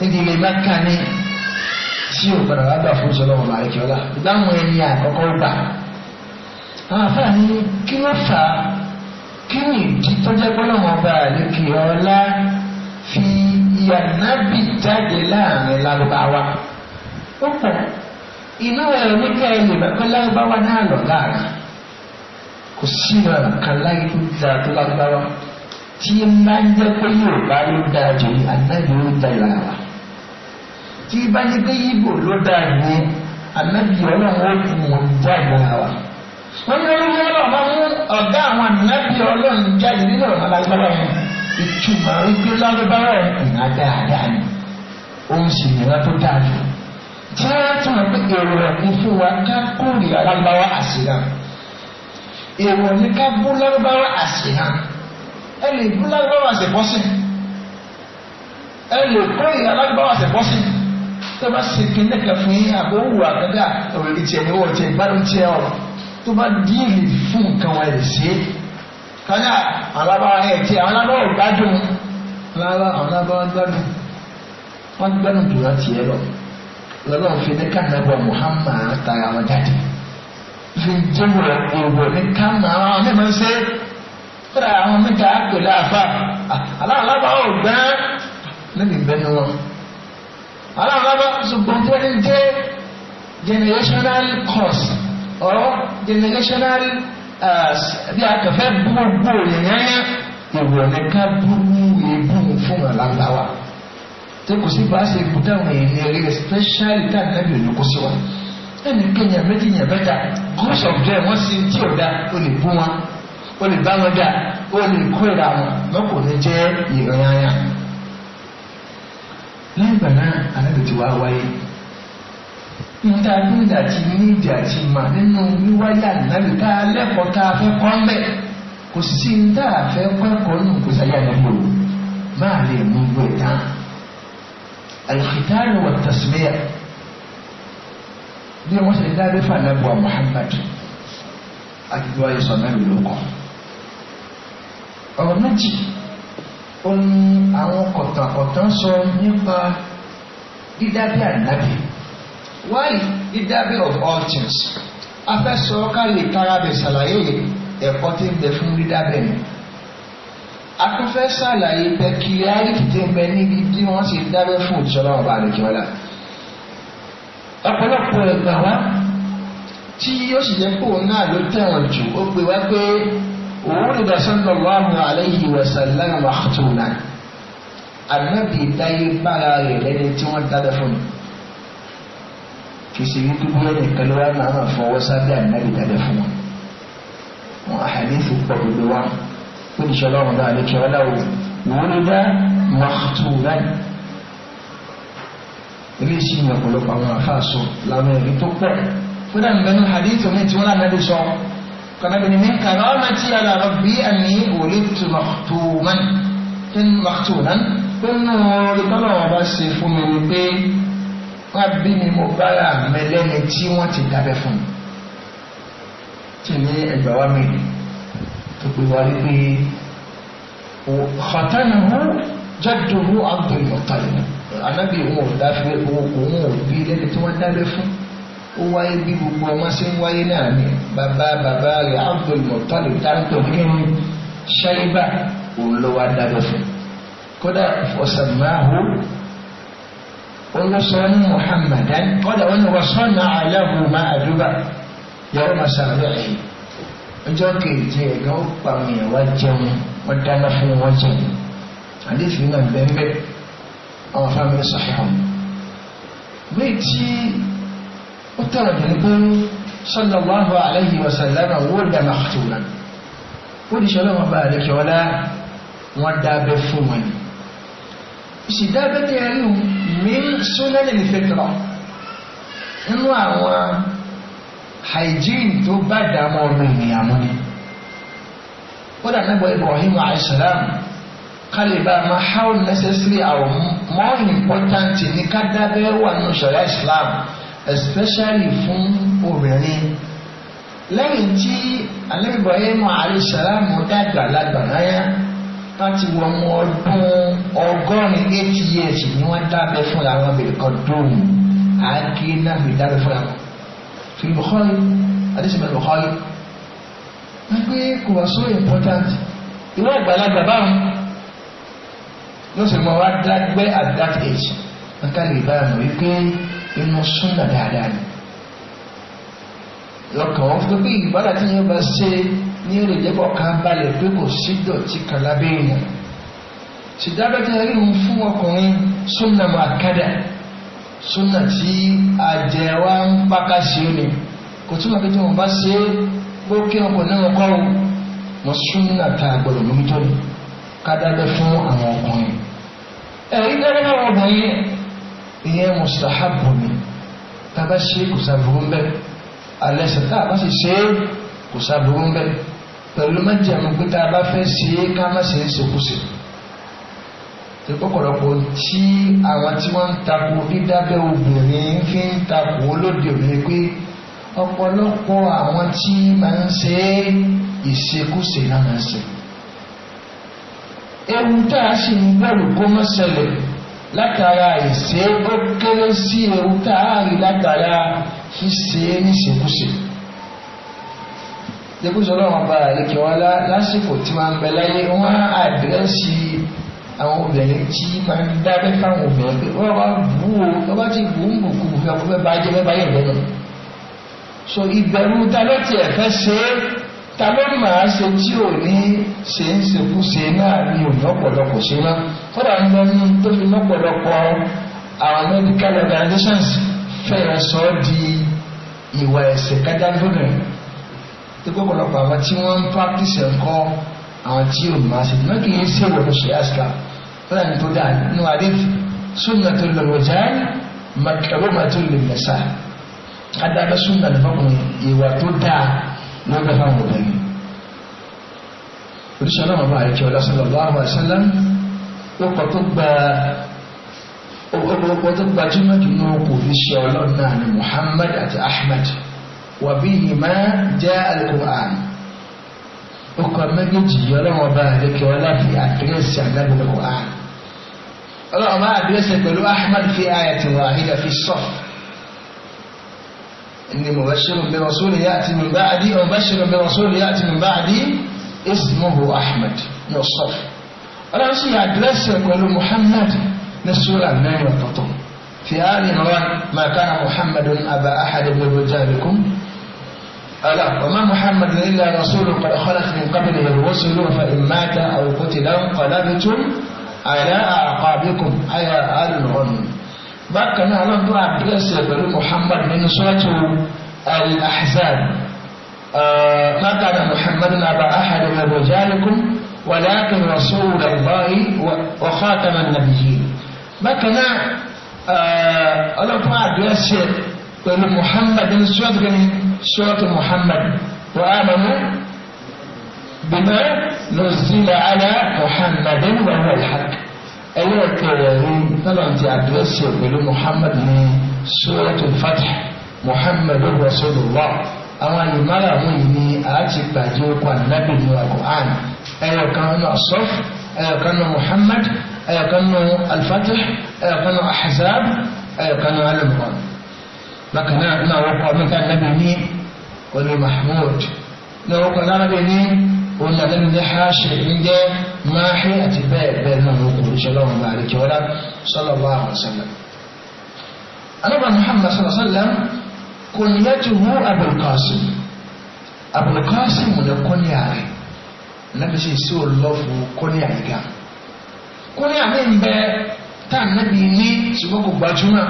nídìílé mákàní tí ò padà wá gbà fún ìṣọlọ́wọ́ màríkíọ́lá láwọn ẹni àkọ́kọ́ gbà àwọn àfáàní kí ló fà á kí ni ìdí tọ́jà gbọ́lọ́wọ́ bá àlékèọ́lá fi ìyànnábì jáde láàrin lárúbáwá ó pọ̀ inú ẹ̀rọ nígbà ẹ̀yẹ bàbá lárúbáwá náà lọ láàrin kò sí ìrọ̀rùn kan láyé tó dára tó lárúbáwá tí máa ń jẹ́ pé Yorùbá ló dára jù ní àná ìlú ó dára wa tí bá yẹ pé ibo ló dáa ní anabi ọlọ́run ó mú un jáde wa wọ́n ní orúkọ ọlọ́run máa mú ọ̀gá àwọn anabi ọlọ́run jáde nínú ọ̀rọ̀ alágbára yẹn ìtumọ̀ wípé lágbára ẹ̀ ìná dáadáa ni ó ń ṣe ìrìnà tó dáa jù tí wọ́n tún mọ̀ pé èrò rẹ̀ kún fún wa ká kórè alágbára àṣírà èrò ní ká bú lágbára àṣírà ẹ lè bú lágbára àṣẹ̀kọ́sìn ẹ lè kórè alágbára àṣẹ̀kọ́sìn sábà se kíní kan fún yín àbí ó wù àgàgà òrèlè tiẹ̀ ní wọ́n tiẹ̀ ìbádùn tiẹ̀ ọ̀ tó bá díìlì fún nǹkan wọn lè ṣe é kájà alábára ẹ̀ tí àwọn alábára ò gbádùn lára àwọn alábára gbádùn wọ́n gbádùn tó láti ẹ lọ lọ́nà òfin ní kànáàbọ̀ Muhammad tara wọn jáde fi jẹ́mu rẹ̀ èèwọ̀ ní kànáà àwọn mẹ́mọ́ ń ṣe kódà àwọn mẹ́ta pẹ̀lú àbá aláàlábára ò gbá lẹ́nu ìbẹ́nu wọn aláàbá ṣùgbọ́n tí wọ́n ti jẹ́ generational cause or generational uh, bí a kẹfẹ́ gbogbo yẹnyẹnyẹ ìwọ nìkan bú ní ebú fún ọ̀làǹdáwà tí kò sí bá ṣe gbúdá àwọn ènìyàn rẹ̀ especially tá àgbẹ̀bẹ̀ ló kó sí wa ẹnì kẹyàn méjì yàn mẹ́ta groups of them wọ́n sì tí ò dá o lè bú wọn o lè bá wọn dá o lè kó ìra wọn mọ́kò jẹ́ ìrìn àyàn láìgbà náà anábì ti wá wáyé níta níta ti ní ìdí àti mà nínú wíwáyé ànábì tá a lẹ́kọ̀ọ́ tá a fẹ́ kọ́ ń bẹ̀ kò sí ní tá a fẹ́ kọ́ ẹ̀kọ́ nù kò sáyà nígbò máa lè mú gbé tán alìkìtàrí wà tasmiya bí wọ́n ṣe dáadé fún Muhammad akíkú ayé sọ náà lóko ọ̀rọ̀ méjì ó ní àwọn kọ̀tàkọ̀tà sọ nípa dídábẹ́ ànábì why dídábẹ́ of all things afẹ́sọ ká lè tara bẹ̀ ṣàlàyé ẹ̀kọ́ tí ń bẹ fún dídábẹ́ mi akúfẹ́ ṣàlàyé pẹ́kílíárìtì tí ń bẹ níbi bí wọ́n ṣe dábẹ́ fún ìṣọ́lá ọba àdìjọ́lá ọ̀pọ̀lọpọ̀ ẹ̀gbà wa tí ó sì jẹ́ pé òun náà ló tẹ̀wọ̀n jù ó gbé wá pé ولد صلى الله عليه وسلم مختونا ànábì dáyé bára rẹ̀ lẹ́ni tí wọ́n dábẹ́ fún mi kì í ṣe yí dúdú ẹni pẹ̀lú wa náà máa fọwọ́ sábẹ́ ànábì dábẹ́ fún wọn. wọn àhàlẹ́sì pọ̀ gbogbo wa ó ní sọlá ọ̀run náà lẹ́kẹ́ ọláwo wúlúdá mọ́tòlá ilé sí ní ọ̀pọ̀lọpọ̀ àwọn afáàsọ làwọn ẹ̀rí tó pọ̀ fúdà nbẹ́nu hadith omi tí wọ́n lànà lè sọ kọ́nàbìnrin ní karamati ala rabbi anni wulidtu maktuman maktuman nínú olùkọ́nà wọn bá ṣe fún mi wípé wọ́n bí mi mo bára mi lẹ́ni tí wọ́n ti dábẹ́ fún mi tí ní ẹgbàá wa mi tó pé wá wípé khatanahu jadduhu Abdul Muttalib anábì òun ò dáfẹ́ òun ò bí lẹ́ni tí wọ́n dábẹ́ fún mi ó wáyé bí gbogbo ọmọ ṣe ń wáyé náà ni bàbá bàbá rẹ̀ Abdul Muttalib táńtò nínú ṣáyébà òun ló wá dábẹ́ fún kódà fọ̀sàmáhù olùsọ̀rọ̀ Muhammadan kódà wọn wọ sọ́nà aláwọ̀ máa àdúrà yàrá màsàlẹ̀ yìí ọjọ́ kejì ẹ̀gá ó pa àwọn èèyàn wá jẹun wọ́n dáná fún wọn jẹun àdéfì náà bẹ́ẹ̀ bẹ́ẹ̀ àwọn fáwọn mi sọ̀rọ̀ bẹ́ẹ̀ tí ó tọ̀rọ̀ dẹ̀ pé sallallahu alayhi wa sallam wó dà màkàtúwà ó di sọ́lọ́ wọn bá àlekè ọlá wọn dábẹ́ fún wọn ni ìṣèdábẹ́ tẹ̀ rí o mí sólẹ́lẹ̀ ní fẹ́tọ̀rọ̀ nínú àwọn hygiene tó bá dààmú ọmọ ènìyàn mú ni ó dà nígbà Ibrahim alayhi salam kálíbà ma how necessary our more important ní ká dábẹ́ wà nínú sọ̀rọ̀ Islam especially fún obìnrin lẹ́yìn tí alẹ́gbẹ̀ẹ́ alayhi salam dàgbà lágbà náyà láti wọ ọmọ ọdún ọgọ́rin eight years ni wọ́n dábẹ́ fún àwọn obìnrin kan dóòmù àáké náà fi dábẹ́ fún àwọn. fi Bukhari adéṣèmẹ́ Bukhari wọ́n pé kò wá so important ìwọ àgbàlagbà báwọn ló sì mọ wá dágbé at that age wọ́n ká lè bá àmọ́ wípé inú súnà dáadáa ni lọ́kàn wọn fún bí ìbára tí yẹn bá ṣe ní èrè jẹ́bọ̀ ká balẹ̀ pé kò sí dọ̀tí kan lábẹ́ èèyàn ṣìdájọ́ tí yẹn rí òun fún ọkùnrin súnà màkàdà súnà tí àjẹ́ wa ń pákà sí ni kò túmọ̀ pé tí wọ́n bá ṣe é pé kí ọkọ̀ náà kọ́ ọ wọn súnà tá a gbọ́dọ̀ lómi tó ní ká dábẹ́ fún àwọn ọkùnrin ẹ̀rí dábẹ́ fún àwọn ọkùnrin ìyẹn mustahabu ni tàbá ṣe kò sàbùrú bẹ́ẹ̀ alẹ́sẹ̀ tá a bá sì ṣe kò sàbùrú bẹ́ẹ̀ pẹ̀lú mẹ́jẹ̀mú pé tá a bá fẹ́ ṣe ká má ṣe é ṣokùsì tí pọ̀pọ̀lọpọ̀ tí àwọn tí wọ́n ń takò dídábẹ́ obìnrin fi ń takò lóde òní pé ọ̀pọ̀lọpọ̀ àwọn tí máa ń ṣe ìṣekúṣe náà máa ṣe ewu tá a sì ń bẹ̀rù kó má ṣẹlẹ̀ látara ìṣe gbógbéré sí ewu táàrí látara ṣíṣe níṣekúṣe lẹ́kùsọ̀ lọ́wọ́n bá àlékè wọn lásìkò tí máa ń bẹ láyé wọn àdírẹ́sì àwọn obìnrin tí máa ń dábẹ́ fáwọn obìnrin pé wọ́n bá bú o wọ́n bá ti bú ń bùkú bùkú fẹ́ bá jẹ́ fẹ́ bá yẹ̀ lọ́nà so ìbẹ̀rù ta ló tiẹ̀ fẹ́ ṣe é ta ló ní màá ṣe tí ò ní ṣe ń ṣekúṣe náà ní òní ọ̀pọ̀lọpọ̀ ṣe náà kódà ń lọ ní tó fi lọ́pọ̀lọpọ̀ àwọn medical organizations fẹ́ẹ̀ sọ ọ́ di ìwà ẹ̀ṣẹ̀ kájá lónìí tó gbọ́pọ̀lọpọ̀ àwọn tí wọ́n ń practice ẹ̀kọ́ àwọn tí ò máa ṣe náà kì í ṣe ìwọ̀n ṣe àṣà kódà ní tó dà nínú àdéhùn súnà tó lọ wọ̀já màkàrọ́ màtó lè mẹ̀sà adájọ́ wọ́n bẹ́ fáwọn obìnrin oríṣi ọlọ́run bá àrẹ́kẹ́ ọlọ́sọ́lọ́ lọ́wọ́ àṣẹlá ọkọ̀ tó gba ọkọ̀ tó gbajúmọ̀ jù ní ọkọ̀ oríṣi ọlọ́run náà ni Muhammad àti Ahmad wà bí ìmọ̀ jẹ́ alukur'an ọkọ̀ méjèèjì ọlọ́run bá àrẹ́kẹ́ ọlá fi àdírẹ́sì àdábìlẹ̀ kur'an ọlọ́run bá àdírẹ́sì pẹ̀lú Ahmad fi àyàtì wàhídà fi sọ́fù إني مبشر برسول يأتي من بعدي مبشر برسول يأتي من بعدي اسمه أحمد يوصف أنا أسمع أدرس يقول محمد نسول النبي والقطن في آل عمران ما كان محمد أبا أحد من رجالكم ألا وما محمد إلا رسول قد خلت من قبله الرسل فإن مات أو قتل انقلبتم على أعقابكم أي آل عمران بكنا لن نعبس بن محمد من سورة الأحزاب ما كان محمد أبا أحد من رجالكم ولكن رسول الله وخاتم النبيين بكنا لن نعبس بن محمد من سورة سورة محمد وآمنوا بما نزل على محمد وهو الحق ẹlẹ́ẹ̀kẹrẹ rí tọ́lọ̀tì àdírẹ́sì pẹ̀lú muhammad ní suratul fath muhammad rasulullah àwọn alùmọ́ra mú ní àti pàdé okùn ànábì ní alquran ẹ̀yọ̀kan nínú asọ́f ẹ̀yọ̀kan nínú muhammad ẹ̀yọ̀kan nínú alfath ẹ̀yọ̀kan nínú ahzab ẹ̀yọ̀kan nínú alimran bákan náà ní àwọn ọkọ̀ ọmọkà ànábì ní olè ní àwọn ọkọ̀ ànábì ní òun náà lẹ́nu ní haṣe ní jẹ́ máṣe àti bẹ́ẹ̀ bẹ́ẹ̀ náà ló kò ṣe lọ́wọ́ bá rí kíọ́lá sallallahu alaihi wasallam. alábà muhammad sallallahu alaihi wasallam kunyatuhu abul qasim abul qasim ní kúnyà rẹ̀ nàbí sì sí olófù kúnyà ìgá kúnyà mi ń bẹ tá nàbí ní ṣùgbọ́n kò gbajúmọ̀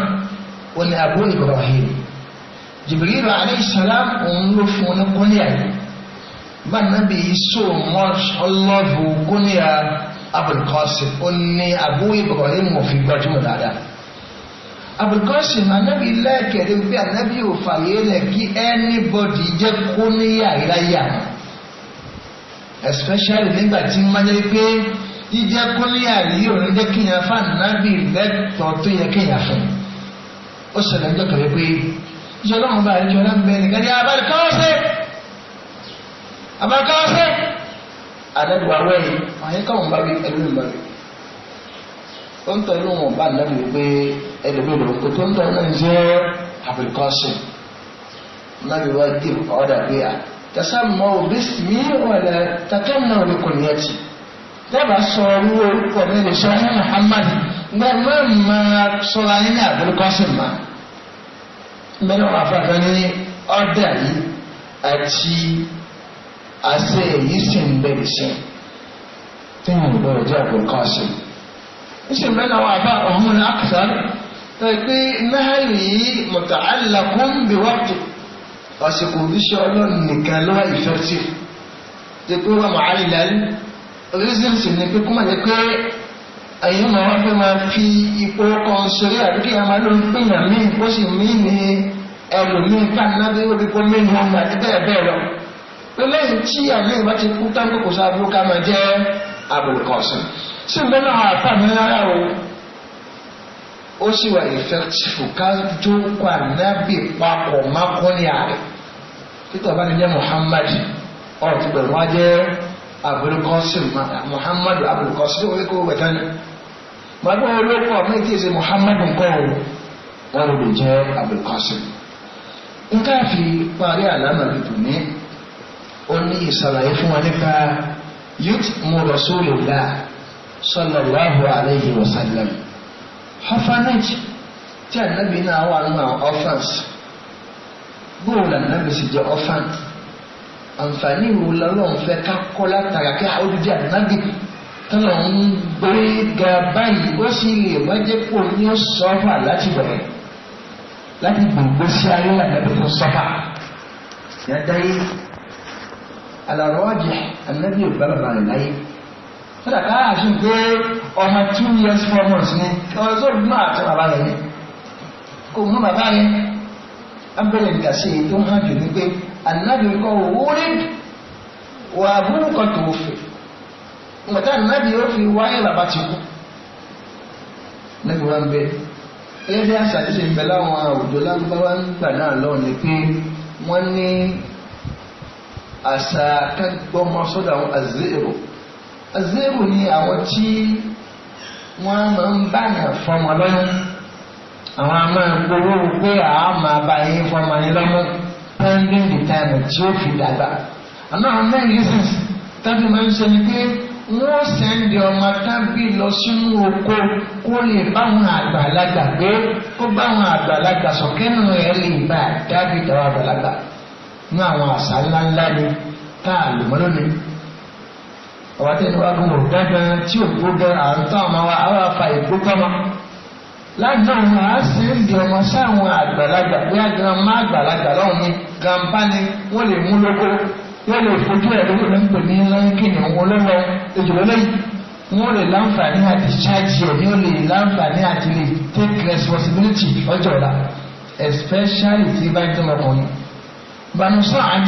wọn ni abu ibrahim jibril alayhi salam òun ló fún ní kúnyà banabi so much ọlọ́bù kúnìyà abulkọ́sì ó ní abu ibrahim mo fi gbajúmọ̀ dáadáa abulkọ́sì anabi lẹ́ẹ̀kẹ̀rẹ́ wípé anabi ò fàyè lẹ̀ kí anybody jẹ́ kúnìyà ìráyà especially nígbà tí mmanyi pé jíjẹ́ kúnìyà yìí ò ní jẹ́ kínyàn fún anabi lẹ́tọ̀ọ́ tó yẹ kínyàn fún ó ṣẹlẹ̀ ń jẹ́ kẹ̀lé pé ìṣọlọ́mọba ìjọba ń bẹ nìkan ní abulkọ́sì abaka sẹ anabi wa wẹ yìí wàyí káwọn bá wí ẹlòmíì bá wí ó ń tọ́ inú wọn bá nàbí wípé ẹlòmíì lòun kò tó ń tọ́ náà ń jẹ́ àbíkọ́sìn nàbí wa dì ọ̀dà pé à ah, tasamma bismi wala takanna bi kunyati dábàá sọ orú orúkọ mi lè sọ fún Muhammad nga má máa sọra yín ní àbíkọ́sìn mà mẹ́rin wọn àfààní ọ̀dà yìí àti àṣẹ èyí sì ń bẹ̀rẹ̀ sí tí mo gbọ́dọ̀ jẹ́ àbùkọ́ sí. ń sì mẹ́ta wà bá ọ̀hún ní àkàtàn pé náírà yìí mọ̀tà alákùn bí wọ́pù àsìkò oríṣi ọlọ́run nìkan ló wà effective tí pé wọ́n máa ń lálẹ́ reason sì ni pé kó má jẹ́ pé ẹ̀yin máa wá fẹ́ máa fi ipò kan sórí àdúgbò yàrá ló ń pèèyàn míì ó sì míì ní ẹlòmíì ká náà bí ó kó míì ní ọmọ àti bẹ́ẹ̀ bẹ́ẹ̀ lọ pé lẹ́yìn tí àgbẹ̀ ìbá ti kú tán kókò sá abúlé ká máa jẹ́ abùlùkọ̀sìn sí ìgbẹ́ náà àpá mi rárá o ó sì wà effective ká jókòó ànábì papọ̀ mákúnni àrẹ títọ́ bá ní jẹ́ Muhammad ọ̀rọ̀ ti bẹ̀rù wá jẹ́ abùlùkọ̀sìn Muhammad abùlùkọ̀sìn ó wọlé kó wẹ̀ tán màgbọ́ olóko ọ̀mí tí ìṣe Muhammad nǹkan o wọn ló lè jẹ́ abùlùkọ̀sìn nǹkan àfi parí àlámà tuntun ní ó ní ìsàlàyé fún wa nípa yutmu rasulillah sallallahu alayhi wa sallam orphanage tí ànábì náà wà nínú àwọn orphans bóòlù ànábì sì jẹ orphan àǹfààní ìwò lọ́lọ́run fẹ́ ká kọ́ látara kí olùdí ànábì tọ́lọ̀ ń gbé ga báyìí ó sì lè má jẹ́ kó ní sọ́fà láti bẹ̀rẹ̀ láti gbòǹgbò sí ayé ànábì tó sọ́fà yàtọ̀ yìí alàrọ́ọ̀jì ànábì ò gbàgbà rẹ̀ láyé sọ́dà ká àṣì pé ọmọ two years four months ni ọ̀rọ̀ tó rí náà àti bàbá rẹ̀ ni kò mú bàbá rẹ̀ abẹ́rẹ́ nǹkan sí èyí tó ń hàn jù ní pé ànábì kọ́ wúrí wà búrúkọ tó fè nǹkan ànábì ó fi wáyé bàbá ti kú níbi wọn bẹ ẹgbẹ́ àṣà ti ṣe ń bẹ láwọn àwùjọ lágbára nígbà náà lọ́ọ̀ ni pé wọ́n ní àṣàkágbọ́n wọn a zero a zero ni a tí wọ́n ba na báyà fọmọ àwọn ama máa pé àá ama bá yín fama yi lọ́mọ pending the time tí ó fi dàgbà àná àwọn mẹ́rin reasons tábí máa ń ni pé wọ́n sẹ́ndì ọmọ tábí lọ sínú oko kó lè báwọn àgbàlagbà gbé kó báwọn àgbàlagbà sọ̀kẹ́nu ẹ̀ lè bá da dáwọn àgbàlagbà. ní àwọn àṣà ńláńlá ni táà lè mọ́ lónìí ọba tẹ́lẹ̀ wá gún òun dágbọn tí ò gbógbẹ àrùn tó àwọn wa àwọn afa ìgbógbọmọ lágbọn wọn á sì ń di ọmọ sáwọn àgbàlagbà bí àgbà má àgbàlagbà lọ́wọ́ mi gàmbá ni wọ́n lè mú lóko wọ́n lè fojú ẹ̀ lóko ló ń pè ní lọ́ńkìnì òun lọ́wọ́ ìjòló lẹ́yìn wọ́n lè láǹfààní àti ṣáàjì ẹ̀ ní ó lè láǹfààní àti lè take responsibility ọjọ́ ọ̀la especially tí bá ń tọ́ ọmọkùnrin Banu Sa'ad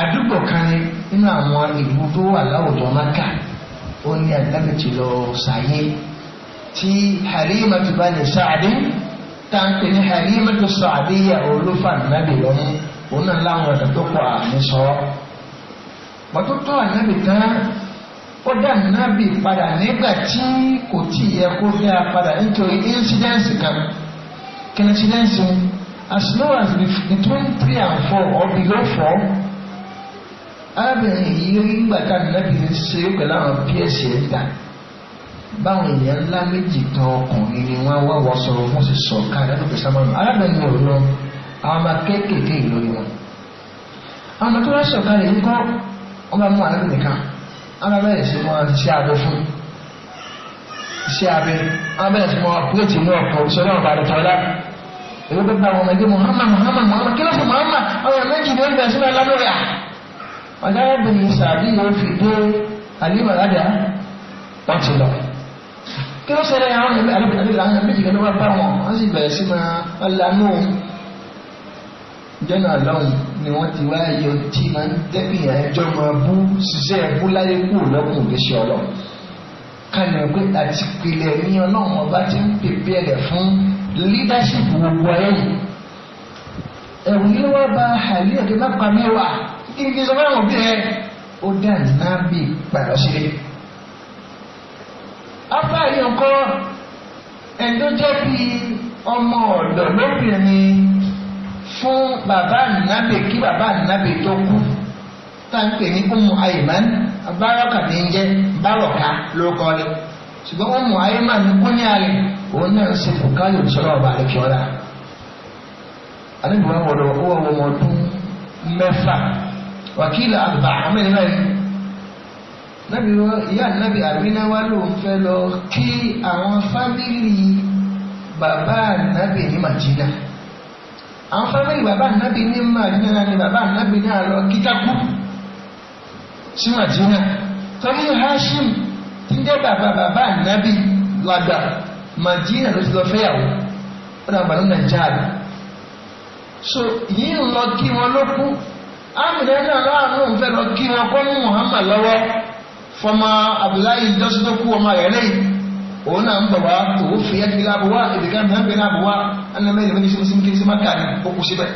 àdúgbò kan ní nínú àwọn ibùdó aláwùjọ maka ó ní àgbàgbé ti lọ sàyé Halimatu Bani Sa'ad táǹkì ni Halimatu Sa'adiyya olúfà nàbì lọ́mú òun náà láwọn ọ̀dọ́ tó pọ̀ àmì sọ. Bọ́tú tọ́ ànábì tán ó dá ànábì padà nígbà tí kò tí ì kó dá padà nítorí incidence kan kí as low as between three and four or below four arábìnrin yìí rí gbàtà nàbì ń ṣe é pẹ̀lú àwọn píẹ̀sì ẹ̀ gbà báwọn èèyàn ńlá méjì kan ọkùnrin ni wọ́n wá wọ́n sọ̀rọ̀ fún sì sọ̀ ká lẹ́nu pèsè àmọ́ arábìnrin ò lọ àwọn ọmọ kéékèèké lórí wọn. àwọn ọmọ tó wá sọ̀ ká lè ń kọ́ ọmọ mú àlẹ́ nìkan ọmọ bẹ́ẹ̀ sì wọ́n ṣe abẹ fún ṣe abẹ ọmọ bẹ́ẹ̀ sì wọ́n pléètì náà kọ́ sọ́dọ̀ ọ̀bàdàn tọ́lá èyí tó gba àwọn ọmọdé Muhammad Muhammad Muhammad kí ló fún Muhammad àwọn ọmọ méjì ló ń bẹ sínú ẹlẹ́nu rẹ̀ ọ̀gá ẹ̀bùn sàbí yóò fi dé àlímọ̀ládà wọ́n ti lọ kí ló ṣẹlẹ̀ àwọn ọmọ ẹlẹ́bùn àlílà àwọn méjì ló wá bá wọn wọ́n sì bẹ̀rẹ̀ sí máa ọlànà jọ́nà lọ́hùn ni wọ́n ti wá ẹyọ tí máa ń dẹ́bìyàn ẹjọ́ máa bú ṣiṣẹ́ ẹ̀kú láyé kú lọ́kùn òdèṣẹ́ ọlọ́run kánú ẹgbẹ́ àti ìpìlẹ̀ ní ọlọ́run ọba ti ń pèpè rẹ̀ fún leadership wò wọ̀nyẹ ẹ̀wù yìí wọ́n bá àlè ẹ̀kẹ́ náà pa mí wá kí n sọ fún àwọn òbí rẹ̀ ó dá ìnáàbì padà sílẹ̀. afá yìí ọkọ ẹ̀dọ́ jẹ́ bí ọmọ ọ̀dọ̀ lóbìnrin fún bàbá ìnáàbì kí bàbá ìnáàbì tó kú tá à ń pè ní Umu Ayman abárọ́kà ní jẹ́ bárọ̀ká lórúkọ rẹ̀ ṣùgbọ́n wọn mú ayé máa ní kúnyà rẹ̀ òun náà ń ṣe fòkálì òṣèlú ọba àdékẹ́ọ́lá àdébìwọ́n wọ̀ lọ owó ọmọ ọdún mẹ́fà wàkílà àgbà àmì náà nàbí ìyá nàbí àmínà wà ló ń fẹ́ lọ kí àwọn fámìlì bàbá nàbí ní màjínà àwọn fámìlì bàbá nàbí ní màjínà ni bàbá nàbí náà lọ kíkákú sí màjínà tọ́lú Hashim tí ń jẹ́ bàbá bàbá ànábì lágbà màdínà ló ti lọ nàìjíríà so yìí ń lọ kí wọn ló kú àmìlẹ náà láàánú ń lọ kí wọn kọ́ mú Muhammad lọ́wọ́ fọmọ Abdullahi jọ́sìn tó kú ọmọ rẹ̀ lẹ́yìn òun náà ń bọ̀ wá òun fi ẹ́ kiri abọ̀ wá ìdíkà mi hàn bẹ́ẹ̀ náà bọ̀ wá ẹnna mẹ́rin mẹ́rin sí musim kiri sí maka ni ó kú síbẹ̀.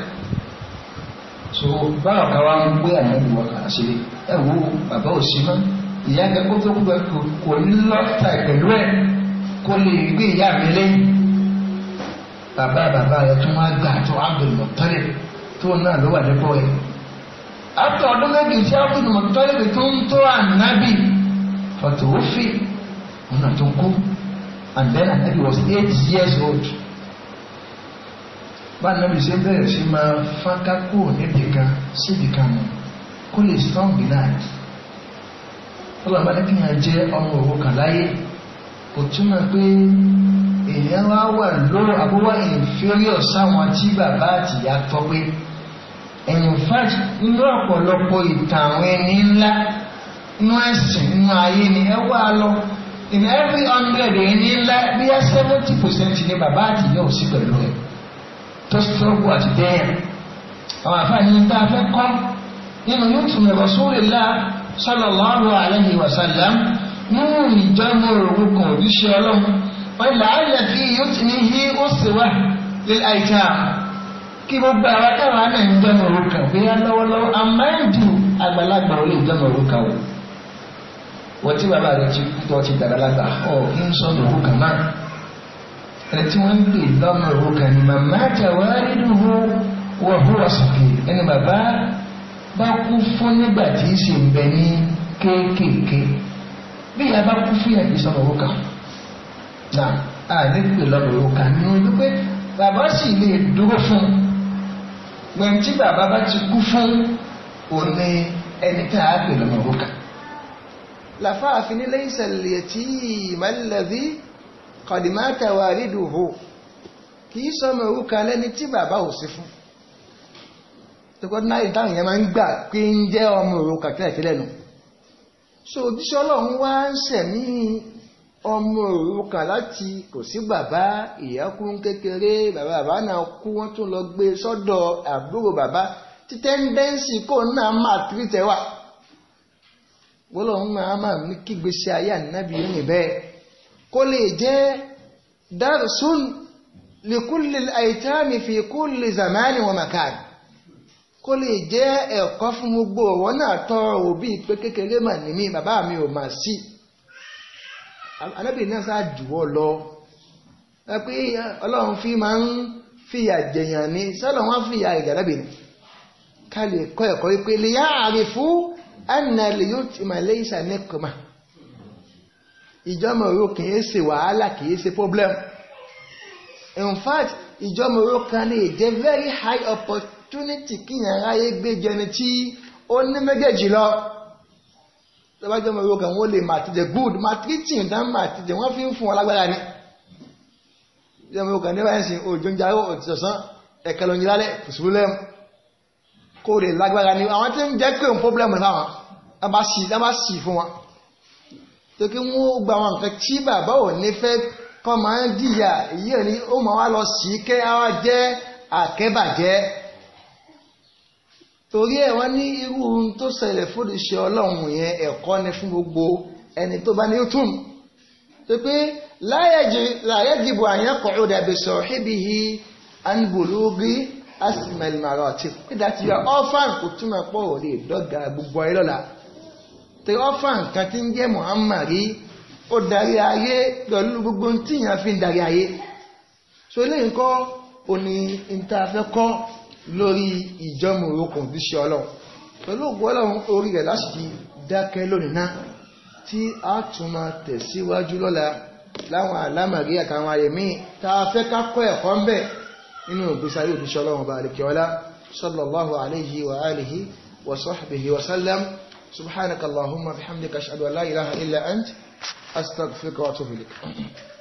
so báwo ká wá ń gbé àná ìwọ kàrà sílé ẹ wo bàbá òsì náà ìyá gẹ kó tó pẹ kò ní lọ́tà pẹ̀lú ẹ̀ kó lè gbé ìyá mi lẹ́yìn bàbá bàbá rẹ̀ tó máa gbà tó Abdul tó náà ló wà lẹ́kọ̀ọ́ ẹ̀ after ọdún méjì tí Abdul Muttalib tó ń tó ànábì fọtòwófì ọ̀nà tó kú and then ànábì was eight years old bá nàbì ṣe bẹ̀rẹ̀ sí máa fáká kúrò níbìkan síbìkan mọ́ kó lè strong be that. tọ́lá bá lẹ́kìn yẹn jẹ́ ọmọ òwò kan láyé kò pé èèyàn wá wà lóró àbúwá inferior sáwọn tí bàbá ìyá tọ́ pé ẹ̀yìn fat nínú ọ̀pọ̀lọpọ̀ ìtàn àwọn ẹni ńlá inú ẹ̀sìn inú ayé ni ẹ wá lọ in every hundred ẹni eh, ńlá seventy percent ni bàbá ò sí pẹ̀lú tó àti àwọn tá a fẹ́ kọ́ nínú yóò sallallahu alayhi wa sallam nínú ìjọ́mọ̀ òògùn kan òjíṣẹ́ ọlọ́run wọ́n làálẹ̀ fi yóò ti ní hí ó sì wà lílẹ̀ àìjá kí gbogbo àwọn akáwà náà ń jọ́mọ̀ òògùn kan bí wọ́n lọ́wọ́lọ́wọ́ amáyédù àgbàlagbà ó lè jọ́mọ̀ òògùn kan o wọ́n tí bàbá rẹ̀ ti kú tọ́ ti dàgbàlagbà ọ̀ ń sọ òògùn náà ẹni tí wọ́n ń pè lọ́mọ̀ òògùn ni màmá àtàwárí bá kú fún nígbà tí í ṣe ń bẹ ní kéékèèké bí ìyá bá kú fún ìyàgbé sọmọ òrùka náà àní pè lọmọ òrùka nínú wípé bàbá sì lè dúró fún gbẹ̀m tí bàbá bá ti kú fún òun ni ẹni tá a pè lọmọ òrùka. làfáàfin nílé ìṣẹ̀lẹ̀ yẹtí ìmọ̀lẹ́dí kọ̀dìmọ́tà wà rídùú hù kì í sọmọ òrùka lẹ́ni tí bàbá ò sí fún tòkọ́ náà ìdáhùn yẹn máa ń gbà pé ń jẹ́ ọmọ òun kàkílẹ̀ tẹ́lẹ̀ nù so òjíṣẹ́ ọlọ́run wá ń sẹ̀mí ọmọ òrukàn láti kò sí bàbá ìyá kú kékeré bàbá bàbá náà kú wọ́n tún lọ gbé sọ́dọ̀ àbúrò bàbá tí tẹ́ńdẹ́ǹsì kò náà má tìrìtẹ́ wà wọ́lọ́run máa máa ní kígbésí ayé ànábì yìí bẹ́ẹ̀ kó lè jẹ́ dárùsùn lìkúlì àìtàmì fi kúlì zamani wa makan kó lè jẹ́ ẹ̀kọ́ fún gbogbo ọ̀wọ́ náà tọ́ òbí pé kékeré mà ní mí bàbá mi ò mà sí alábìnrin náà sáà jùwọ́ lọ pé ọlọ́run fi máa ń fìyà jẹ̀yàn ni sọ́dọ̀ wọn fìyà ìgbàlábìnrin ká lè kọ́ ẹ̀kọ́ wípé lè yá àrè fún ẹnà lè yóò ti mà lè ṣà ní kùmà ìjọmọ̀ òru kì í ṣe wàhálà kì í ṣe problem in fact ìjọmọ̀ òru kan lè jẹ́ very high opportunity opportunity kíyàn ráyé gbé jẹni tí ó ní méjèèjì lọ tọ́bájọ́ ọmọ ìwọ̀gàn wọn lè màtìjẹ good matricin dán màtìjẹ wọ́n fi ń fún wọn lágbára ni ìjọba ọmọ ìwọ̀gàn níwáyé sìn òjò ń jaró òtítọ̀sán ẹ̀ka ló ń jilálẹ̀ kùsùlùmẹ́mù kó lè lágbára ni àwọn tí ń jẹ́ pé òun pọ́blẹ́mù fáwọn lábá sì lábá sì fún wọn tó kí wọ́n gba àwọn nǹkan tí bàbá ò ní fẹ́ kọ́ máa ń jìyà èyí ò ó máa wá lọ sí kẹ́ torí ẹ̀ ni ní irú ohun tó ṣẹlẹ̀ fòdìṣẹ Ọlọ́run yẹn ẹ̀kọ́ ni fún gbogbo ẹni tó bá ní yútùm tó pé láyẹjìbò àyàn kọrọ dàbí sọ̀rọ̀ síbi hi anbologi asimel maroti ìdájí wa ọfàn kò túmọ̀ pọ̀ ò lè gbogbo ayé lọ́la ọfàn kan ti ń jẹ́ Muhammad ó darí ayé gbogbo tíyàn fi ń darí ayé so eléyìí kọ́ òní lórí ìjọmọ̀rọ̀kùn ojúṣe ọlọ́run pẹ̀lú ògbó ọlọ́run orí rẹ̀ láti ti dákẹ́ lónìí náà tí a tún máa tẹ̀síwájú lọ́la láwọn àlámàrí àtàwọn àyèmí tá a fẹ́ ká kọ́ ẹ̀kọ́ ń bẹ̀ nínú ògbésàrí ojúṣe ọlọ́run bá àlèkè ọlá sallallahu alayhi wa alihi wa sahbihi wa sallam subhanaka allahumma bihamdika ashhadu an la ilaha ant astaghfiruka wa atubu ilayk